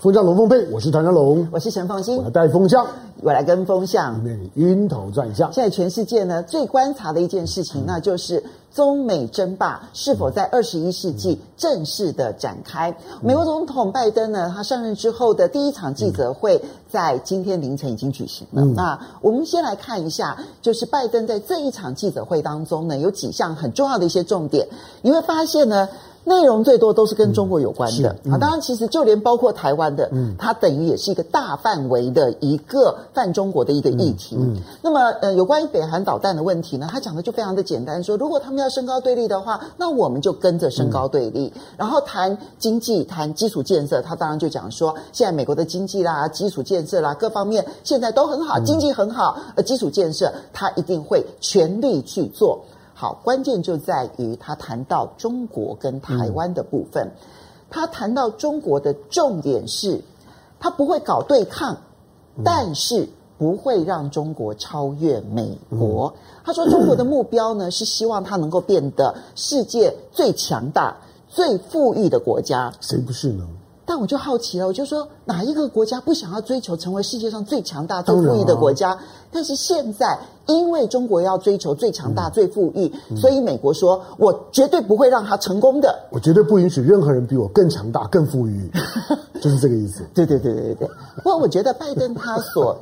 風向龍鳳配，我是唐湘龍，我是陳鳳馨。我來帶風向，我來跟風向，讓你暈頭轉向。現在全世界呢，最觀察的一件事情，嗯、那就是中美爭霸是否在二十一世紀正式的展開。嗯嗯、美國總統拜登呢，他上任之後的第一場記者會在今天凌晨已經舉行了。嗯嗯、那我們先來看一下，就是拜登在這一場記者會當中呢，有幾項很重要的一些重點，你會發現呢。內容最多都是跟中國有關的。嗯嗯、啊，當然其實就連包括台灣的，嗯、它等於也是一個大範圍的一個泛中國的一個議題。嗯嗯、那麼，呃，有關於北韓導彈的問題呢，他講的就非常的簡單說，說如果他們要升高對立的話，那我們就跟着升高對立。嗯、然後談經濟、談基礎建設，他當然就講說，現在美國的經濟啦、基礎建設啦各方面現在都很好，經濟很好，呃、嗯，基礎建設他一定會全力去做。好，關鍵就在於他談到中國跟台灣的部分。嗯、他談到中國的重點是，他不會搞對抗，嗯、但是不會讓中國超越美國。嗯、他說，中國的目標呢， 是希望他能夠變得世界最強大、最富裕的國家。誰不是呢？但我就好奇了，我就說，哪一個國家不想要追求成為世界上最強大、最富裕的國家？啊、但是現在，因為中國要追求最強大、最富裕，嗯嗯、所以美國說，我絕對不會讓他成功的。我絕對不允許任何人比我更強大、更富裕， 就是這個意思。 對對對對對。不過我覺得拜登他所，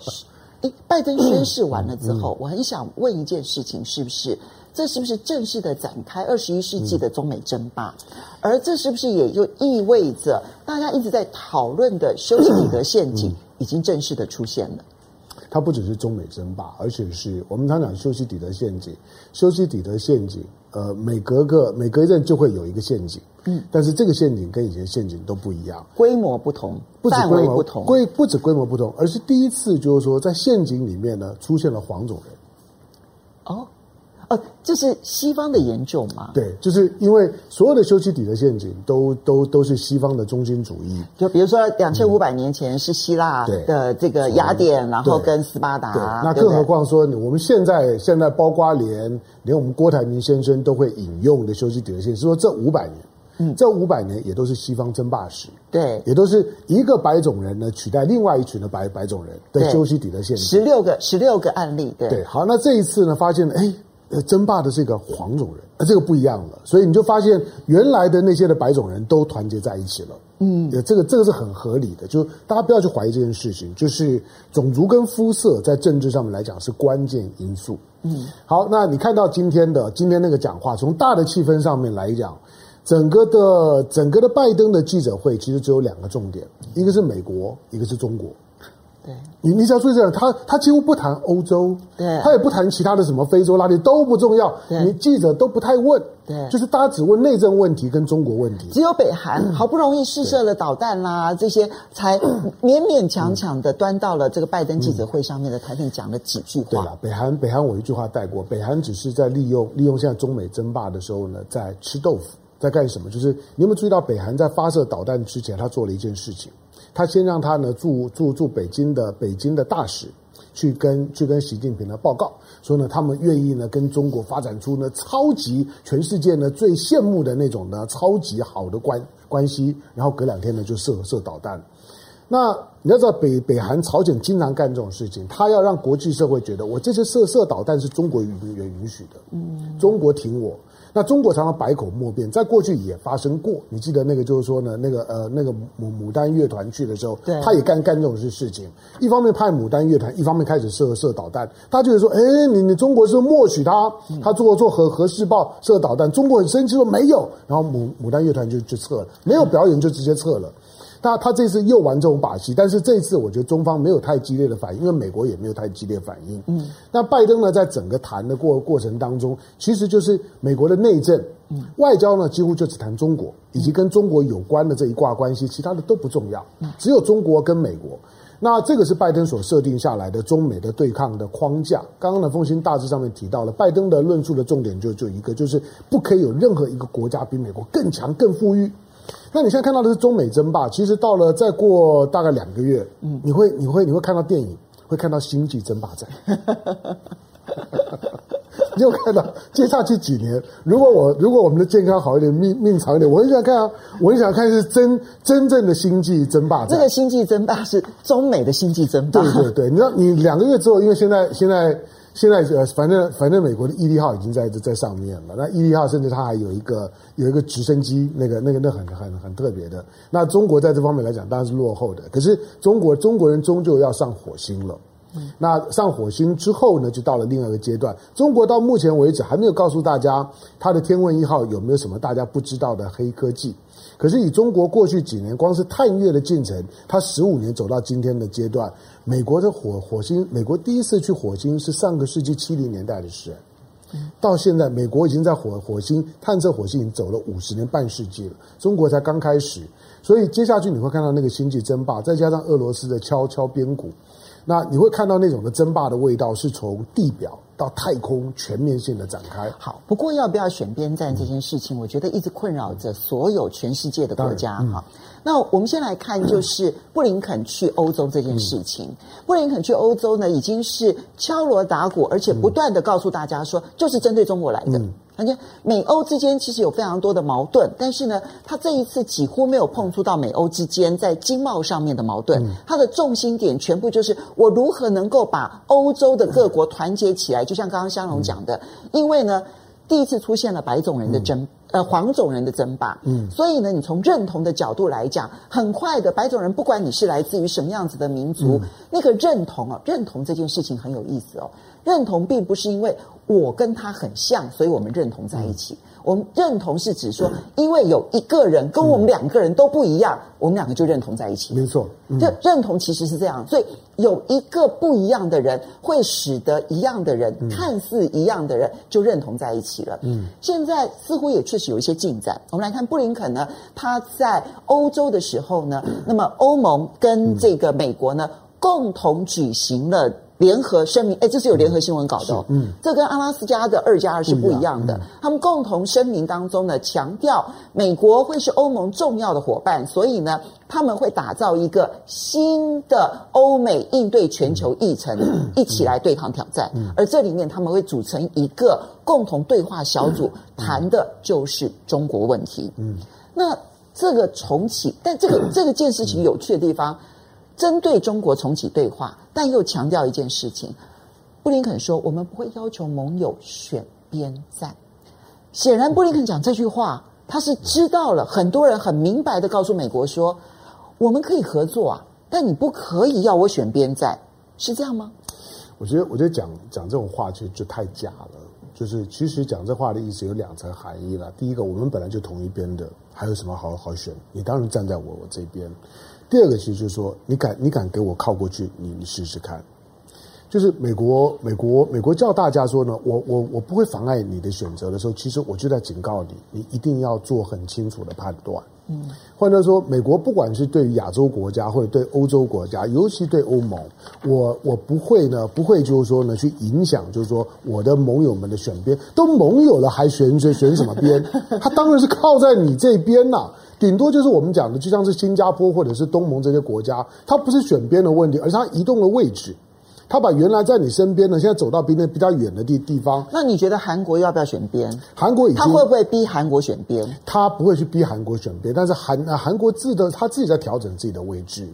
誒拜登宣誓完了之後，嗯嗯、我很想問一件事情，是不是？這是不是正式的展開二十一世紀的中美爭霸？嗯、而這是不是也就意味着大家一直在討論的修昔底德陷阱已經正式的出現了、嗯嗯？它不只是中美爭霸，而且是我們常常講修昔底德陷阱。修昔底德陷阱，呃，每隔個每隔一陣就會有一個陷阱。嗯。但是這個陷阱跟以前的陷阱都不一樣，規模不同，不止規模不同，規不止規模不同，而是第一次就是說在陷阱裡面呢出現了黃種人。哦哦，這是西方的研究嘛，嗯？對，就是因為所有的修昔底德陷阱都，都都都是西方的中心主義。就比如說兩千五百年前是希臘的這個雅典，嗯，然後跟斯巴達。那更何況說，我們現在現在包括連，連我們郭台銘先生都會引用的修昔底德陷阱是說這五百年，嗯，這五百年也都是西方爭霸史，對，也都是一個白種人呢取代另外一群的白白種人的修昔底德陷阱。十六個，十六個案例，對。對，好，那這一次呢，發現，哎。呃，爭霸的是一個黃種人，呃，這個不一樣了，所以你就發現原來的那些的白種人都團結在一起了，嗯，這個這個是很合理的，就大家不要去懷疑這件事情，就是種族跟膚色在政治上面來講是關鍵因素。嗯，好，那你看到今天的今天那個講話，從大的氣氛上面來講，整個的整個的拜登的記者會其實只有兩個重點，一個是美國，一個是中國。對你你只要注意這樣，他他幾乎不談歐洲，對他也不談其他的什麼非洲、拉丁都不重要，對你記者都不太問，對就是大家只問內政問題跟中國問題。只有北韓好不容易試射了導彈啦、啊，嗯、這些才、嗯、勉勉強強的端到了這個拜登記者會上面的台面，講了幾句話。對了，北韓北韓我一句話帶過，北韓只是在利用利用現在中美爭霸的時候呢，在吃豆腐，在幹什麼？就是你有沒有注意到北韓在發射導彈之前，他做了一件事情？他先讓他呢駐駐駐,駐北京的北京的大使去跟去跟習近平呢報告，說呢他們願意呢跟中國發展出呢超級全世界呢最羨慕的那種呢超級好的關關係，然後隔兩天呢就射射導彈。那你要知道北北韓朝鮮經常幹這種事情，他要讓國際社會覺得我這些射射導彈是中國允允允許的，嗯，中國挺我。那中國常常百口莫辯，在過去也發生過。你記得那個就是說呢，那個呃，那個牡牡丹樂團去的時候，啊、他也幹幹這種事事情。一方面派牡丹樂團，一方面開始射射導彈。他就是說：“哎、欸，你你中國是默許他，他做做核核試爆，射導彈，中國很生氣說沒有。”然後牡牡丹樂團就就撤了，沒有表演就直接撤了。嗯那他這次又玩這種把戲，但是這次我覺得中方沒有太激烈的反應，因為美國也沒有太激烈反應。嗯，那拜登呢，在整個談的過過程當中，其實就是美國的內政、嗯、外交呢，幾乎就只談中國以及跟中國有關的這一掛關係，嗯、其他的都不重要。嗯，只有中國跟美國，嗯、那這個是拜登所設定下來的中美的對抗的框架。剛剛的風行大致上面提到了，拜登的論述的重點就就一個，就是不可以有任何一個國家比美國更強、更富裕。那你現在看到的是中美爭霸，其實到了再過大概兩個月，嗯你，你會你會你會看到電影，會看到星際爭霸戰， 你有，有看到接下去幾年。如果我如果我們的健康好一點，命命長一點，我也想看啊，我也想看是真真正的星際爭霸戰。這個星際爭霸是中美的星際爭霸， 對對對。你知道，你兩個月之後，因為現在現在。現在呃，反正反正美國的毅力號已經在在上面了。那毅力號甚至它還有一個有一個直升機，那個那個那很很很，很特別的。那中國在這方面來講當然是落後的，可是中國中國人終究要上火星了。嗯，那上火星之後呢，就到了另外一個階段。中國到目前為止還沒有告訴大家它的天問一號有沒有什麼大家不知道的黑科技。可是以中國過去幾年光是探月的進程，它十五年走到今天的階段。美國的火火星，美國第一次去火星是上個世紀七零年代的事，到現在美國已經在火火星探測火星已經走了五十年半世紀了，中國才剛開始，所以接下去你會看到那個星際爭霸，再加上俄羅斯的敲敲邊鼓，那你會看到那種的爭霸的味道是從地表到太空全面性的展開。好，不過要不要選邊站這件事情，嗯、我覺得一直困擾着所有全世界的國家哈。那我們先來看，就是布林肯去歐洲這件事情。嗯、布林肯去歐洲呢，已經是敲鑼打鼓，而且不斷地告訴大家說，就是針對中國來的。而且、嗯、美歐之間其實有非常多的矛盾，但是呢，他這一次幾乎沒有碰觸到美歐之間在經貿上面的矛盾。嗯、他的重心點全部就是我如何能夠把歐洲的各國團結起來，嗯、就像剛剛香容講的，嗯、因為呢。第一次出現了白種人的爭，嗯、呃，黃種人的爭霸。嗯，所以呢，你從認同的角度來講，很快的，白種人不管你是來自於什麼樣子的民族，嗯、那個認同啊、哦，認同這件事情很有意思哦。認同並不是因為我跟他很像，所以我們認同在一起。嗯嗯我們認同是指說，因為有一個人跟我們兩個人都不一樣，嗯、我們兩個就認同在一起。沒錯，嗯、就認同其實是這樣，所以有一個不一樣的人，會使得一樣的人、嗯、看似一樣的人就認同在一起了。嗯，現在似乎也確實有一些進展。我們來看布林肯呢，他在歐洲的時候呢，嗯、那麼歐盟跟這個美國呢、嗯、共同舉行了。聯合聲明，哎，這是有聯合新聞稿的哦，哦。嗯，這跟阿拉斯加的二加二是不一樣的。啊嗯、他們共同聲明當中呢，強調美國會是歐盟重要的夥伴，所以呢，他們會打造一個新的歐美應對全球議程，嗯、一起來對抗挑戰。嗯嗯、而這裡面他們會組成一個共同對話小組，嗯嗯、談的就是中國問題。嗯，嗯那這個重啟，但這個、嗯、這個件事情有趣的地方，嗯、針對中國重啟對話。但又強調一件事情，布林肯說：“我們不會要求盟友選邊站。”顯然，布林肯講這句話，嗯、他是知道了很多人很明白地告訴美國說：“嗯、我們可以合作啊，但你不可以要我選邊站，是這樣嗎？”我覺得，我覺得講講這種話其實就太假了。就是其實講這話的意思有兩層含義了。第一個，我們本來就同一邊的，還有什麼好好選？你當然站在我我這邊。第二個其實就是說，你敢你敢給我靠過去，你你試試看。就是美國，美國，美國叫大家說呢，我我我不會妨礙你的選擇的時候，其實我就在警告你，你一定要做很清楚的判斷。嗯，換句話說，美國不管是對亞洲國家，或者對歐洲國家，尤其對歐盟，我我不會呢，不會就是說呢，去影響，就是說我的盟友們的選邊，都盟友了還選選選什麼邊？他當然是靠在你這邊吶、啊。頂多就是我們講的，就像是新加坡或者是東盟這些國家，它不是選邊的問題，而是它移動的位置。它把原來在你身邊的，現在走到比那比較遠的地地方。那你覺得韓國要不要選邊？韓國已經，他會不會逼韓國選邊？他不會去逼韓國選邊，但是韓韓國自的他自己在調整自己的位置。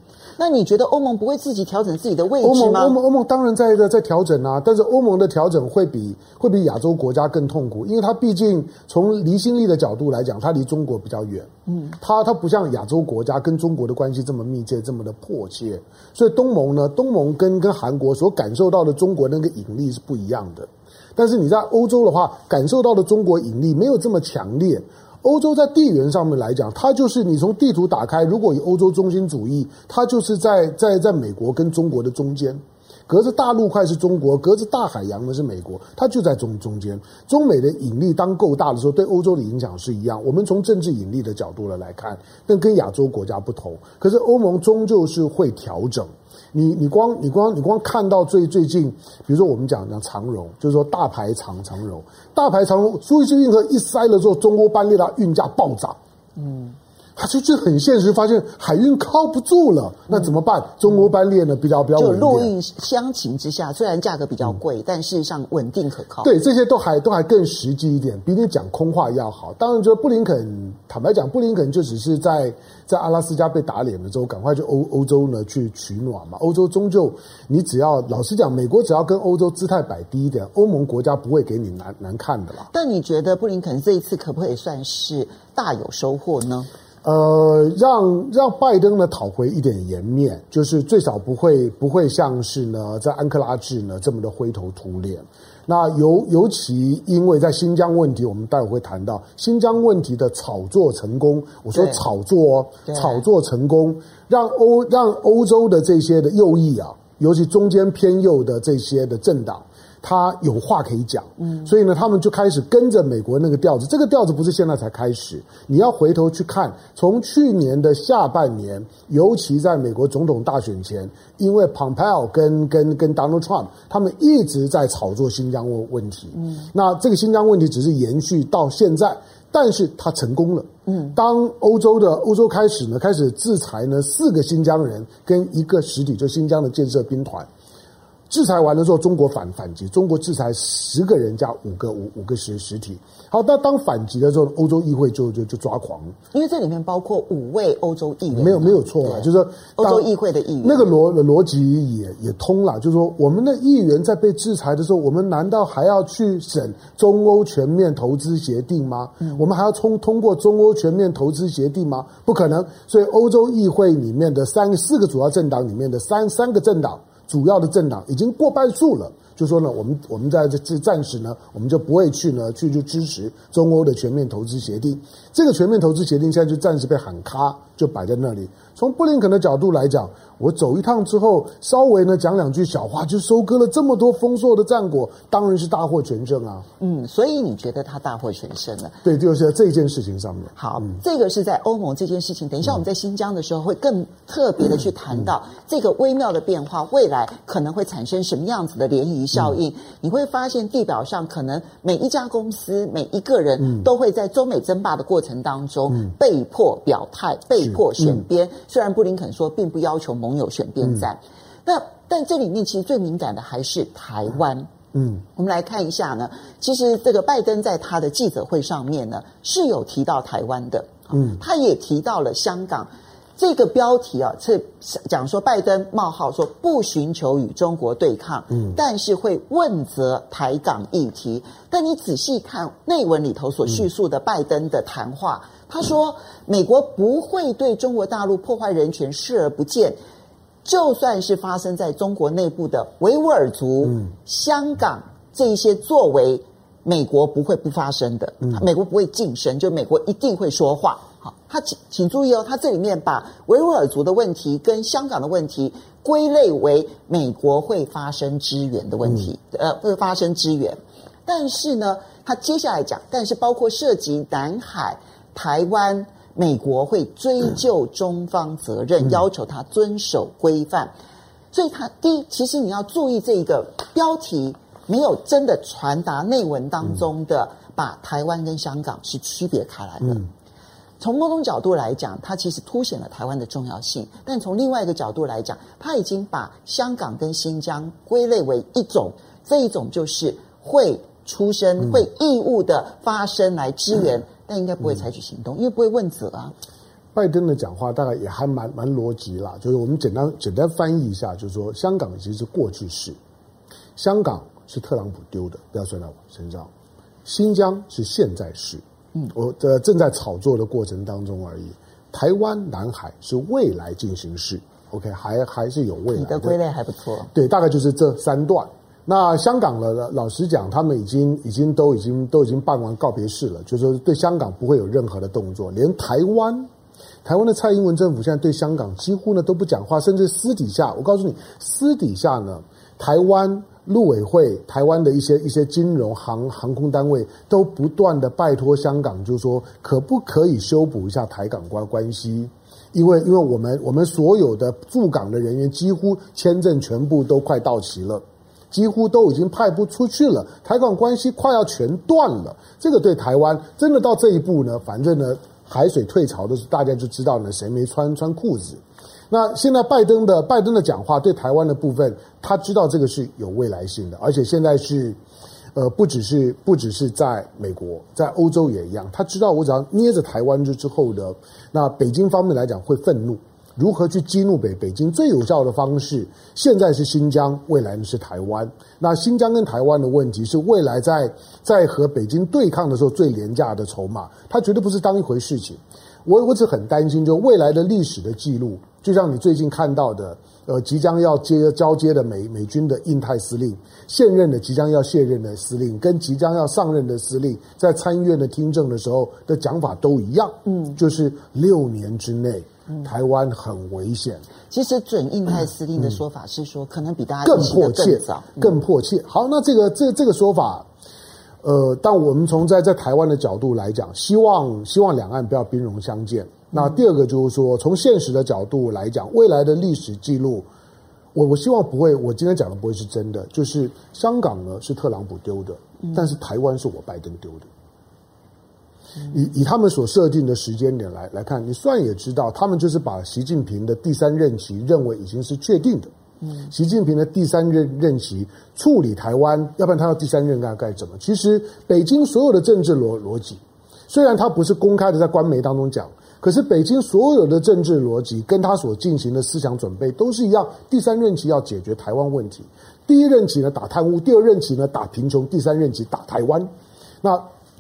那你覺得歐盟不會自己調整自己的位置嗎？歐盟歐盟歐盟當然在在在調整啊，但是歐盟的調整會比會比亞洲國家更痛苦，因為它畢竟從離心力的角度來講，它離中國比較遠。嗯，它它不像亞洲國家跟中國的關係這麼密切，這麼的迫切。所以東盟呢，東盟跟跟韓國所感受到的中國那個引力是不一樣的。但是你在歐洲的話，感受到的中國引力沒有這麼強烈。歐洲在地緣上面來講，它就是你從地圖打開，如果以歐洲中心主義，它就是在在在美國跟中國的中間，隔着大陸塊是中國，隔着大海洋的是美國，它就在中中間。中美的引力當夠大的時候，對歐洲的影響是一樣。我們從政治引力的角度來來看，但跟亞洲國家不同。可是歐盟終究是會調整。你你光你光你光看到最最近，比如說我們講講長榮，就是說大牌長長榮大牌長榮蘇伊士運河一塞了之後，中歐班列它運價暴漲，嗯。他就就很現實，發現海運靠不住了，嗯、那怎麼辦？中歐班列呢，嗯、比較比較穩一點。就陸運相情之下，雖然價格比較貴，嗯、但事實上穩定可靠。對，這些都還都還更實際一點，比你講空話要好。當然，就布林肯，坦白講，布林肯就只是在在阿拉斯加被打臉了之後，趕快去歐歐洲呢去取暖嘛。歐洲終究，你只要老實講，美國只要跟歐洲姿態擺低一點，歐盟國家不會給你難難看的啦。但你覺得布林肯這一次可不可以算是大有收穫呢？呃，讓讓拜登呢討回一點顏面，就是最少不會不會像是呢在安克拉治呢這麼的灰頭土臉。那尤尤其因為在新疆問題，我們待會會談到新疆問題的炒作成功。我說炒作哦，對炒作成功，對讓歐讓歐洲的這些的右翼啊，尤其中間偏右的這些的政黨。他有話可以講，嗯，所以呢，他們就開始跟着美國那個調子。這個調子不是現在才開始，你要回頭去看，從去年的下半年，尤其在美國總統大選前，因為 Pompeo 跟跟跟 Donald Trump 他們一直在炒作新疆問問題。嗯，那這個新疆問題只是延續到現在，但是他成功了。嗯，當歐洲的歐洲開始呢，開始制裁呢四個新疆人跟一個實體，就新疆的建設兵團。制裁完的時候，中國反反擊，中國制裁十個人加五個五五個實實體。好，那當反擊的時候，歐洲議會就就就抓狂了，因為這裡面包括五位歐洲議員、啊嗯，沒有沒有錯啊，對就是說歐洲議會的議員。那個邏邏輯也也通了，就是說我們的議員在被制裁的時候，嗯、我們難道還要去審中歐全面投資協定嗎？嗯、我們還要通通過中歐全面投資協定嗎？不可能。所以歐洲議會裡面的三四個主要政黨裡面的三三個政黨。主要的政黨已經過半數了。就是說呢，我們我們在這這暫時呢，我們就不會去呢去就支持中歐的全面投資協定。這個全面投資協定現在就暫時被喊卡，就擺在那裡。從布林肯的角度來講，我走一趟之後，稍微呢講兩句小話，就收割了這麼多豐碩的戰果，當然是大獲全勝啊。嗯，所以你覺得他大獲全勝了？對，就是在這件事情上面。好，嗯、這個是在歐盟這件事情。等一下我們在新疆的時候，會更特別的去談到這個微妙的變化，嗯嗯、未來可能會產生什麼樣子的漣漪。效應，你會發現地表上可能每一家公司、每一個人、嗯、都會在中美爭霸的過程當中、嗯、被迫表態、被迫選邊。嗯、雖然布林肯說並不要求盟友選邊站，嗯、那但這裡面其實最敏感的還是台灣。嗯，我們來看一下呢，其實這個拜登在他的記者會上面呢是有提到台灣的，嗯，他也提到了香港。這個標題啊，是講說拜登冒號說不尋求與中國對抗，嗯、但是會問責台港議題。但你仔細看內文裡頭所敘述的拜登的談話，嗯、他說美國不會對中國大陸破壞人權視而不見，就算是發生在中國內部的維吾爾族、嗯、香港這一些作為，美國不會不發聲的，嗯、美國不會噤聲，就美國一定會說話。好，他請請注意哦，他這裡面把維吾爾族的問題跟香港的問題歸類為美國會發聲支援的問題，嗯、呃，會發聲支援。但是呢，他接下來講，但是包括涉及南海、台灣，美國會追究中方責任，嗯、要求他遵守規範。嗯、所以，他第一，其實你要注意這一個標題沒有真的傳達內文當中的、嗯、把台灣跟香港是區別開來的。嗯從某種角度來講，它其實凸顯了台灣的重要性；但從另外一個角度來講，他已經把香港跟新疆歸類為一種，這一種就是會出聲、會、嗯、義務的發聲來支援，嗯、但應該不會採取行動，嗯、因為不會問責啊。拜登的講話大概也還蠻蠻邏輯啦，就是我們簡單簡單翻譯一下，就是說香港其實是過去式，香港是特朗普丟的，不要算到我身上；新疆是現在式。嗯，我呃正在炒作的過程當中而已。台灣南海是未來進行式，OK，還還是有未來。你的歸類還不錯。對，大概就是這三段。那香港的老實講，他們已經已經都已經都已經，都已經辦完告別式了，就是說對香港不會有任何的動作。連台灣，台灣的蔡英文政府現在對香港幾乎呢都不講話，甚至私底下，我告訴你，私底下呢，台灣。陸委會、台灣的一些一些金融航航空單位都不斷的拜托香港就是，就說可不可以修補一下台港關關係？因為因為我們我們所有的駐港的人員幾乎簽證全部都快到期了，幾乎都已經派不出去了，台港關係快要全斷了。這個對台灣真的到這一步呢？反正呢，海水退潮的時候，大家就知道呢，誰沒穿穿褲子。那現在拜登的拜登的講話對台灣的部分，他知道這個是有未來性的，而且現在是，呃，不只是不只是在美國，在歐洲也一樣，他知道我只要捏着台灣，就之後的那北京方面來講會憤怒，如何去激怒北北京最有效的方式，現在是新疆，未來呢是台灣。那新疆跟台灣的問題是未來在在和北京對抗的時候最廉價的籌碼，他絕對不是當一回事情。我我是很擔心，就未來的歷史的記錄，就像你最近看到的，呃，即將要接交接的美美軍的印太司令，現任的即將要卸任的司令，跟即將要上任的司令，在參議院的聽證的時候的講法都一樣，嗯，就是六年之內，嗯，台灣很危險。其實準印太司令的說法是說，嗯，可能比大家更，更迫切，更迫切。嗯，好，那這個這個，這個說法。呃，但我們從在在台灣的角度來講，希望希望兩岸不要兵戎相見。那第二個就是說，從現實的角度來講，未來的歷史記錄，我我希望不會，我今天講的不會是真的。就是香港呢是特朗普丟的，但是台灣是我拜登丟的。以以他們所設定的時間點來來看，你算也知道，他們就是把習近平的第三任期認為已經是確定的。嗯、習近平的第三任任期處理台灣，要不然他要第三任該該怎麼？其實北京所有的政治邏邏輯，雖然他不是公開的在官媒當中講，可是北京所有的政治邏輯跟他所進行的思想準備都是一樣。第三任期要解決台灣問題，第一任期呢打貪污，第二任期呢打貧窮，第三任期打台灣。那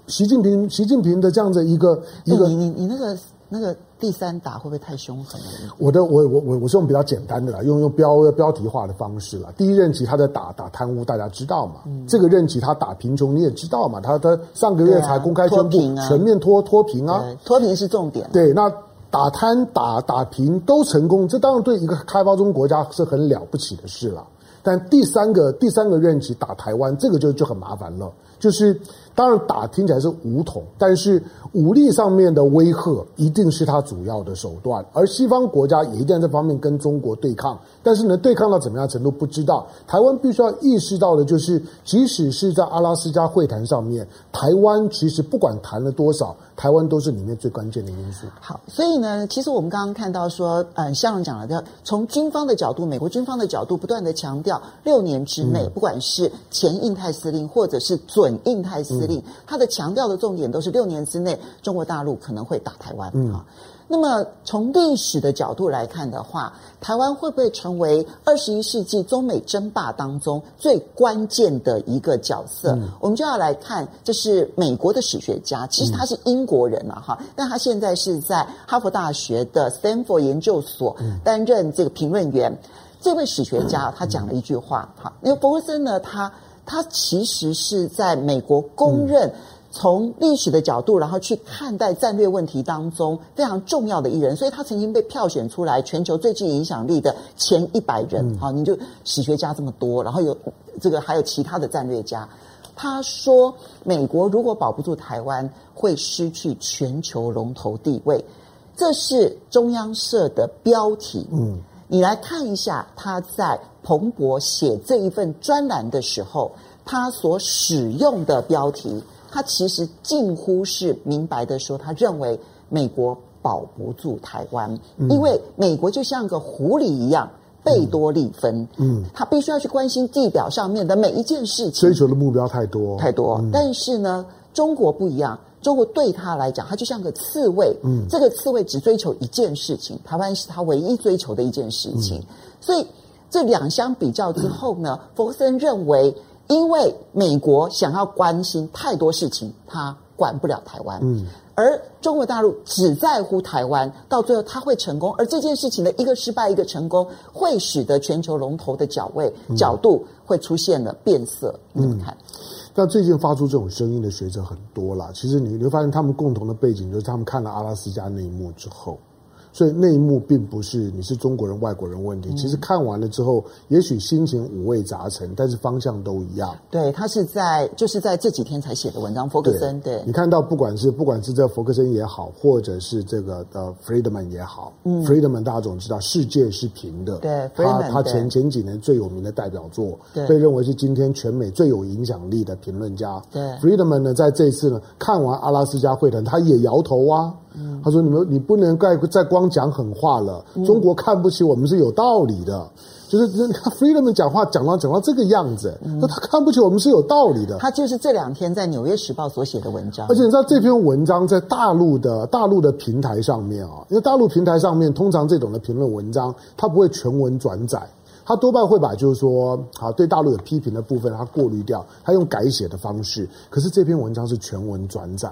習近平，習近平的這樣子一個一個，嗯、你你，你那個那個。第三打會不會太凶狠了？我的我我我我是用比較簡單的啦，用用標標題化的方式啦。第一任期他在打打貪污，大家知道嘛？嗯、這個任期他打貧窮，你也知道嘛？他他上個月才公開宣布、啊、脫貧啊、全面脫脫貧啊，脫貧是重點、啊。對，那打貪打打貧都成功，這當然對一個開發中國家是很了不起的事了。但第三個第三個任期打台灣，這個就就很麻煩了，就是。當然打聽起來是武統，但是武力上面的威嚇一定是他主要的手段，而西方國家也一定在這方面跟中國對抗，但是能對抗到怎麼樣程度不知道。台灣必須要意識到的就是，即使是在阿拉斯加會談上面，台灣其實不管談了多少，台灣都是裡面最關鍵的因素。好，所以呢，其實我們剛剛看到說，呃、嗯，像講了，的，從軍方的角度，美國軍方的角度不斷的強調，六年之內，嗯、不管是前印太司令或者是準印太司令。嗯他的強調的重點都是六年之內中國大陸可能會打台灣啊。嗯、那麼從歷史的角度來看的話，台灣會不會成為二十一世紀中美爭霸當中最關鍵的一個角色？嗯、我們就要來看，這是美國的史學家，其實他是英國人了哈，嗯、但他現在是在哈佛大學的 Stanford 研究所擔任這個評論員。嗯、這位史學家他講了一句話哈，因為博森呢，他他其實是在美國公認從歷史的角度，然後去看待戰略問題當中非常重要的一人，所以他曾經被票選出來全球最具影響力的前一百人。好，你就史學家這麼多，然後有這個還有其他的戰略家，他說美國如果保不住台灣，會失去全球龍頭地位。這是中央社的標題，嗯，你來看一下他在。彭博寫這一份專欄的時候，他所使用的標題，他其實近乎是明白的說，他認為美國保不住台灣，嗯、因為美國就像個狐狸一樣，備多力分、嗯，嗯，他必須要去關心地表上面的每一件事情，追求的目標太多太多，嗯、但是呢，中國不一樣，中國對他來講，他就像個刺蝟，嗯，這個刺蝟只追求一件事情，台灣是他唯一追求的一件事情，嗯、所以。這兩相比較之後呢，弗、嗯、森認為，因為美國想要關心太多事情，他管不了台灣；嗯、而中國大陸只在乎台灣，到最後他會成功。而這件事情的一個失敗，一個成功，會使得全球龍頭的角位角度會出現了變色。嗯、你怎麼看？嗯，那最近發出這種聲音的學者很多啦。其實你你會發現，他們共同的背景就是他們看了阿拉斯加那一幕之後。所以內幕並不是你是中國人、外國人問題。其實看完了之後，嗯、也許心情五味雜陳，但是方向都一樣。對，他是在就是在這幾天才寫的文章，弗格森。對，對你看到不管是不管是這弗格森也好，或者是這個呃弗里德曼也好，弗里德曼大家總知道，世界是平的。對，弗里德曼，他他前前幾年最有名的代表作，對被認為是今天全美最有影響力的評論家。對，弗里德曼呢在這次呢看完阿拉斯加會談，嗯、他也搖頭啊。嗯、他說：“你們，你不能再再光講狠話了。嗯、中國看不起我們是有道理的，就是你看 Freedom 講話講到講到這個樣子，嗯、說他看不起我們是有道理的。他就是這兩天在《紐約時報》所寫的文章。而且你知道這篇文章在大陸的大陸的平台上面啊，因為大陸平台上面通常這種的評論文章，它不會全文轉載，它多半會把就是說啊對大陸有批評的部分，它過濾掉，它用改寫的方式。可是這篇文章是全文轉載。”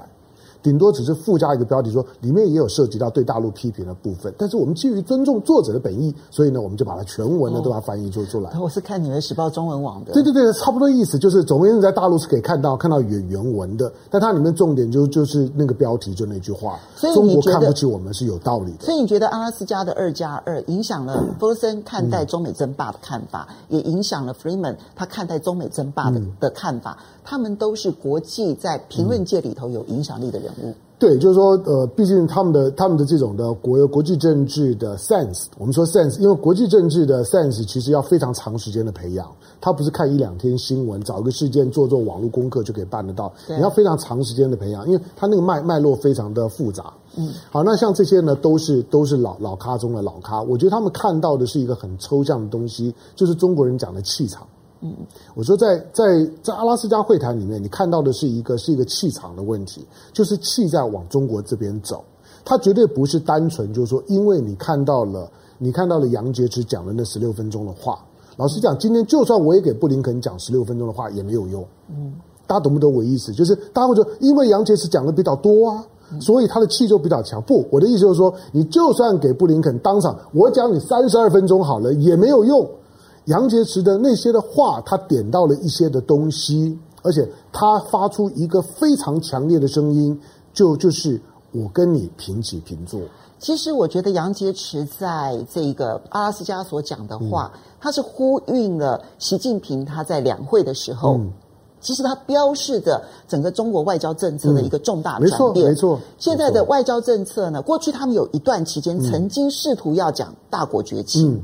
頂多只是附加一個標題說，說裡面也有涉及到對大陸批評的部分，但是我們基於尊重作者的本意，所以呢，我們就把它全文呢都把它翻譯做出來。哦、我是看《紐約時報》中文網的。對對對，差不多意思，就是總言之，在大陸是可以看到看到原原文的，但它裡面重點就是、就是那個標題，就那句話。所以你覺得，中國看不起我們是有道理的。所以你覺得阿拉斯加的二加二影響了波森看待中美爭霸的看法，嗯、也影響了弗里曼他看待中美爭霸的、嗯、的看法。他們都是國際在評論界裡頭有影響力的人物。嗯、對，就是說，呃，畢竟他們的他們的這種的國國際政治的 sense，我們說 sense，因為國際政治的 sense 其實要非常長時間的培養，他不是看一兩天新聞，找一個事件做做網絡功課就可以辦得到。對你要非常長時間的培養，因為他那個脈脈絡非常的複雜。嗯，好，那像這些呢，都是都是老老咖中的老咖。我覺得他們看到的是一個很抽象的東西，就是中國人講的氣場。嗯，我說在在在阿拉斯加會談裡面，你看到的是一個是一個氣場的問題，就是氣在往中國這邊走，他絕對不是單純就是說，因為你看到了你看到了楊潔篪講了那十六分鐘的話，嗯、老實講，今天就算我也給布林肯講十六分鐘的話也沒有用。嗯，大家懂不懂我意思？就是大家會說，因為楊潔篪講的比較多啊，嗯、所以他的氣就比較強。不，我的意思就是說，你就算給布林肯當場我講你三十二分鐘好了，也沒有用。楊潔篪的那些的話，他點到了一些的東西，而且他發出一個非常強烈的聲音，就就是我跟你平起平坐。其實，我覺得楊潔篪在這個阿拉斯加所講的話，嗯、他是呼應了習近平他在兩會的時候，嗯、其實他標示着整個中國外交政策的一個重大轉變，嗯。沒錯，沒錯，現在的外交政策呢，沒錯。過去他們有一段期間曾經試圖要講大國崛起。嗯嗯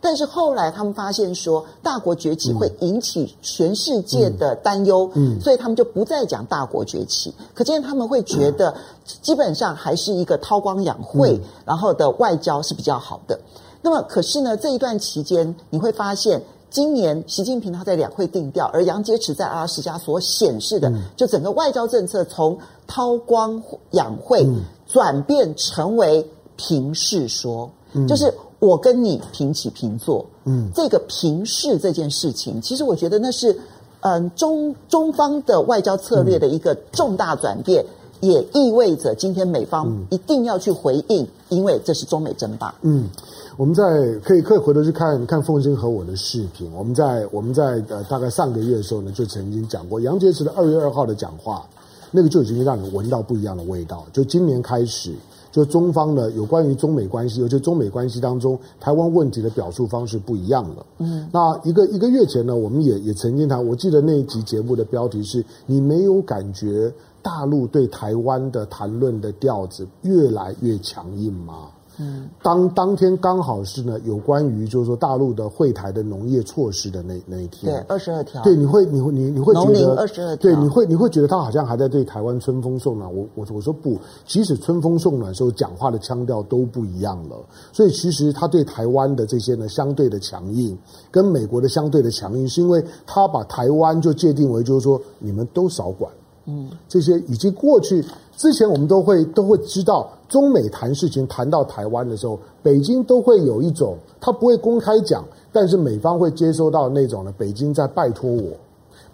但是後來他們發現說，大國崛起會引起全世界的擔憂，嗯嗯嗯、所以他們就不再講大國崛起。可見他們會覺得，基本上還是一個韜光養晦，嗯嗯、然後的外交是比較好的。那麼，可是呢，這一段期間你會發現，今年習近平他在兩會定調，而楊潔篪在阿拉斯加所顯示的，就整個外交政策從韜光養晦、嗯、轉變成為平視說，嗯、就是。我跟你平起平坐，嗯，這個平視這件事情，其實我覺得那是，嗯、呃，中中方的外交策略的一個重大轉變，嗯、也意味着今天美方一定要去回應，嗯、因為這是中美爭霸。嗯，我們在可以可以回頭去看看鳳晶和我的視頻，我們在我們在呃大概上個月的時候呢，就曾經講過楊潔篪的二月二號的講話，那個就已經讓你聞到不一樣的味道，就今年開始。就中方呢，有關於中美關係，尤其中美關係當中台灣問題的表述方式不一樣了。嗯，那一個一個月前呢，我們也也曾經談，我記得那一集節目的標題是“你沒有感覺大陸對台灣的談論的調子越來越強硬嗎？”嗯，當當天剛好是呢，有關於就是說大陸的惠台的農業措施的那那一天，對二十二條，對你會，你會，你你,你會覺得，二十二條對你會，你會覺得他好像還在對台灣春風送暖。我我我說不，即使春風送暖的時候講話的腔調都不一樣了。所以其實他對台灣的這些呢，相對的強硬，跟美國的相對的強硬，是因為他把台灣就界定為就是說你們都少管，嗯，這些已經過去。之前我們都會都會知道，中美談事情談到台灣的時候，北京都會有一種他不會公開講，但是美方會接收到那種呢，北京在拜託我，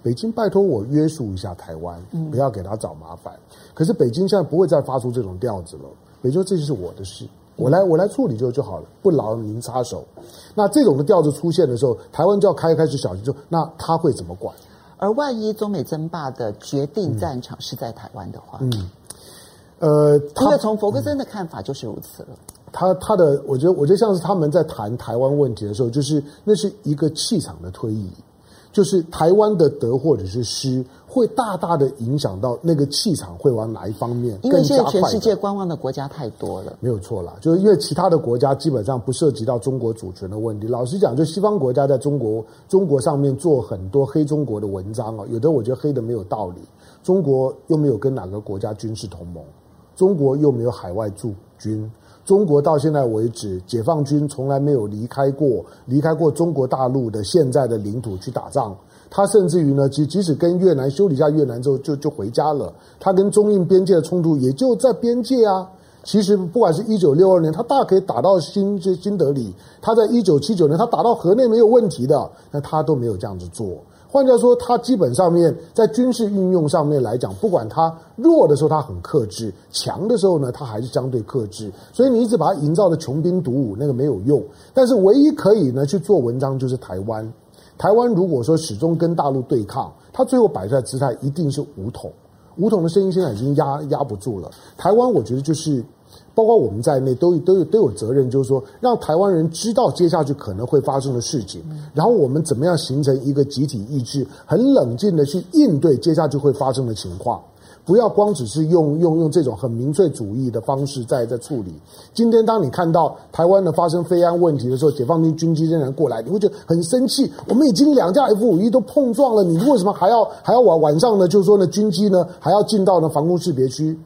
北京拜託我約束一下台灣，不要給他找麻煩。嗯、可是北京現在不會再發出這種調子了，北京說這些是我的事，我來、嗯、我來處理就就好了，不勞您插手。那這種的調子出現的時候，台灣就要開開始小心，就那他會怎麼管？而萬一中美爭霸的決定戰場是在台灣的話，嗯。嗯呃，他在從弗格森的看法就是如此了。嗯、他他的，我覺得我覺得像是他們在談台灣問題的時候，就是那是一個氣場的推移，就是台灣的得或者是失，會大大的影響到那個氣場會往哪一方面。因為現在全世界觀望的國家太多了，沒有錯啦，就是因為其他的國家基本上不涉及到中國主權的問題。老實講，就西方國家在中國中國上面做很多黑中國的文章啊、哦，有的我覺得黑的沒有道理，中國又沒有跟哪個國家軍事同盟。中國又沒有海外駐軍，中國到現在為止，解放軍從來沒有離開過離開過中國大陸的現在的領土去打仗。他甚至於呢，即即使跟越南修理一下越南之後，就就回家了。他跟中印邊界的衝突也就在邊界啊。其實不管是一九六二年，他大可以打到新新德里；他在一九七九年，他打到河內沒有問題的，那他都沒有這樣子做。換句話說，它，基本上面在軍事運用上面來講，不管它弱的時候它很克制，強的時候呢，它還是相對克制。所以你一直把它營造的窮兵黷武，那個沒有用。但是唯一可以呢去做文章，就是台灣。台灣如果說始終跟大陸對抗，它最後擺出來姿態一定是武統。武統的聲音現在已經壓壓不住了。台灣我覺得就是。包括我們在內，都有都有都有責任，就是說，讓台灣人知道接下去可能會發生的事情。然後我們怎麼樣形成一個集體意志，很冷靜的去應對接下去會發生的情況，不要光只是用用用這種很民粹主義的方式在在處理。今天當你看到台灣的發生飛安問題的時候，解放軍軍機仍然過來，你會覺得很生氣。我們已經兩架 F 五一都碰撞了，你為什麼還要還要晚晚上呢？就是說呢，軍機呢還要進到呢防空識別區？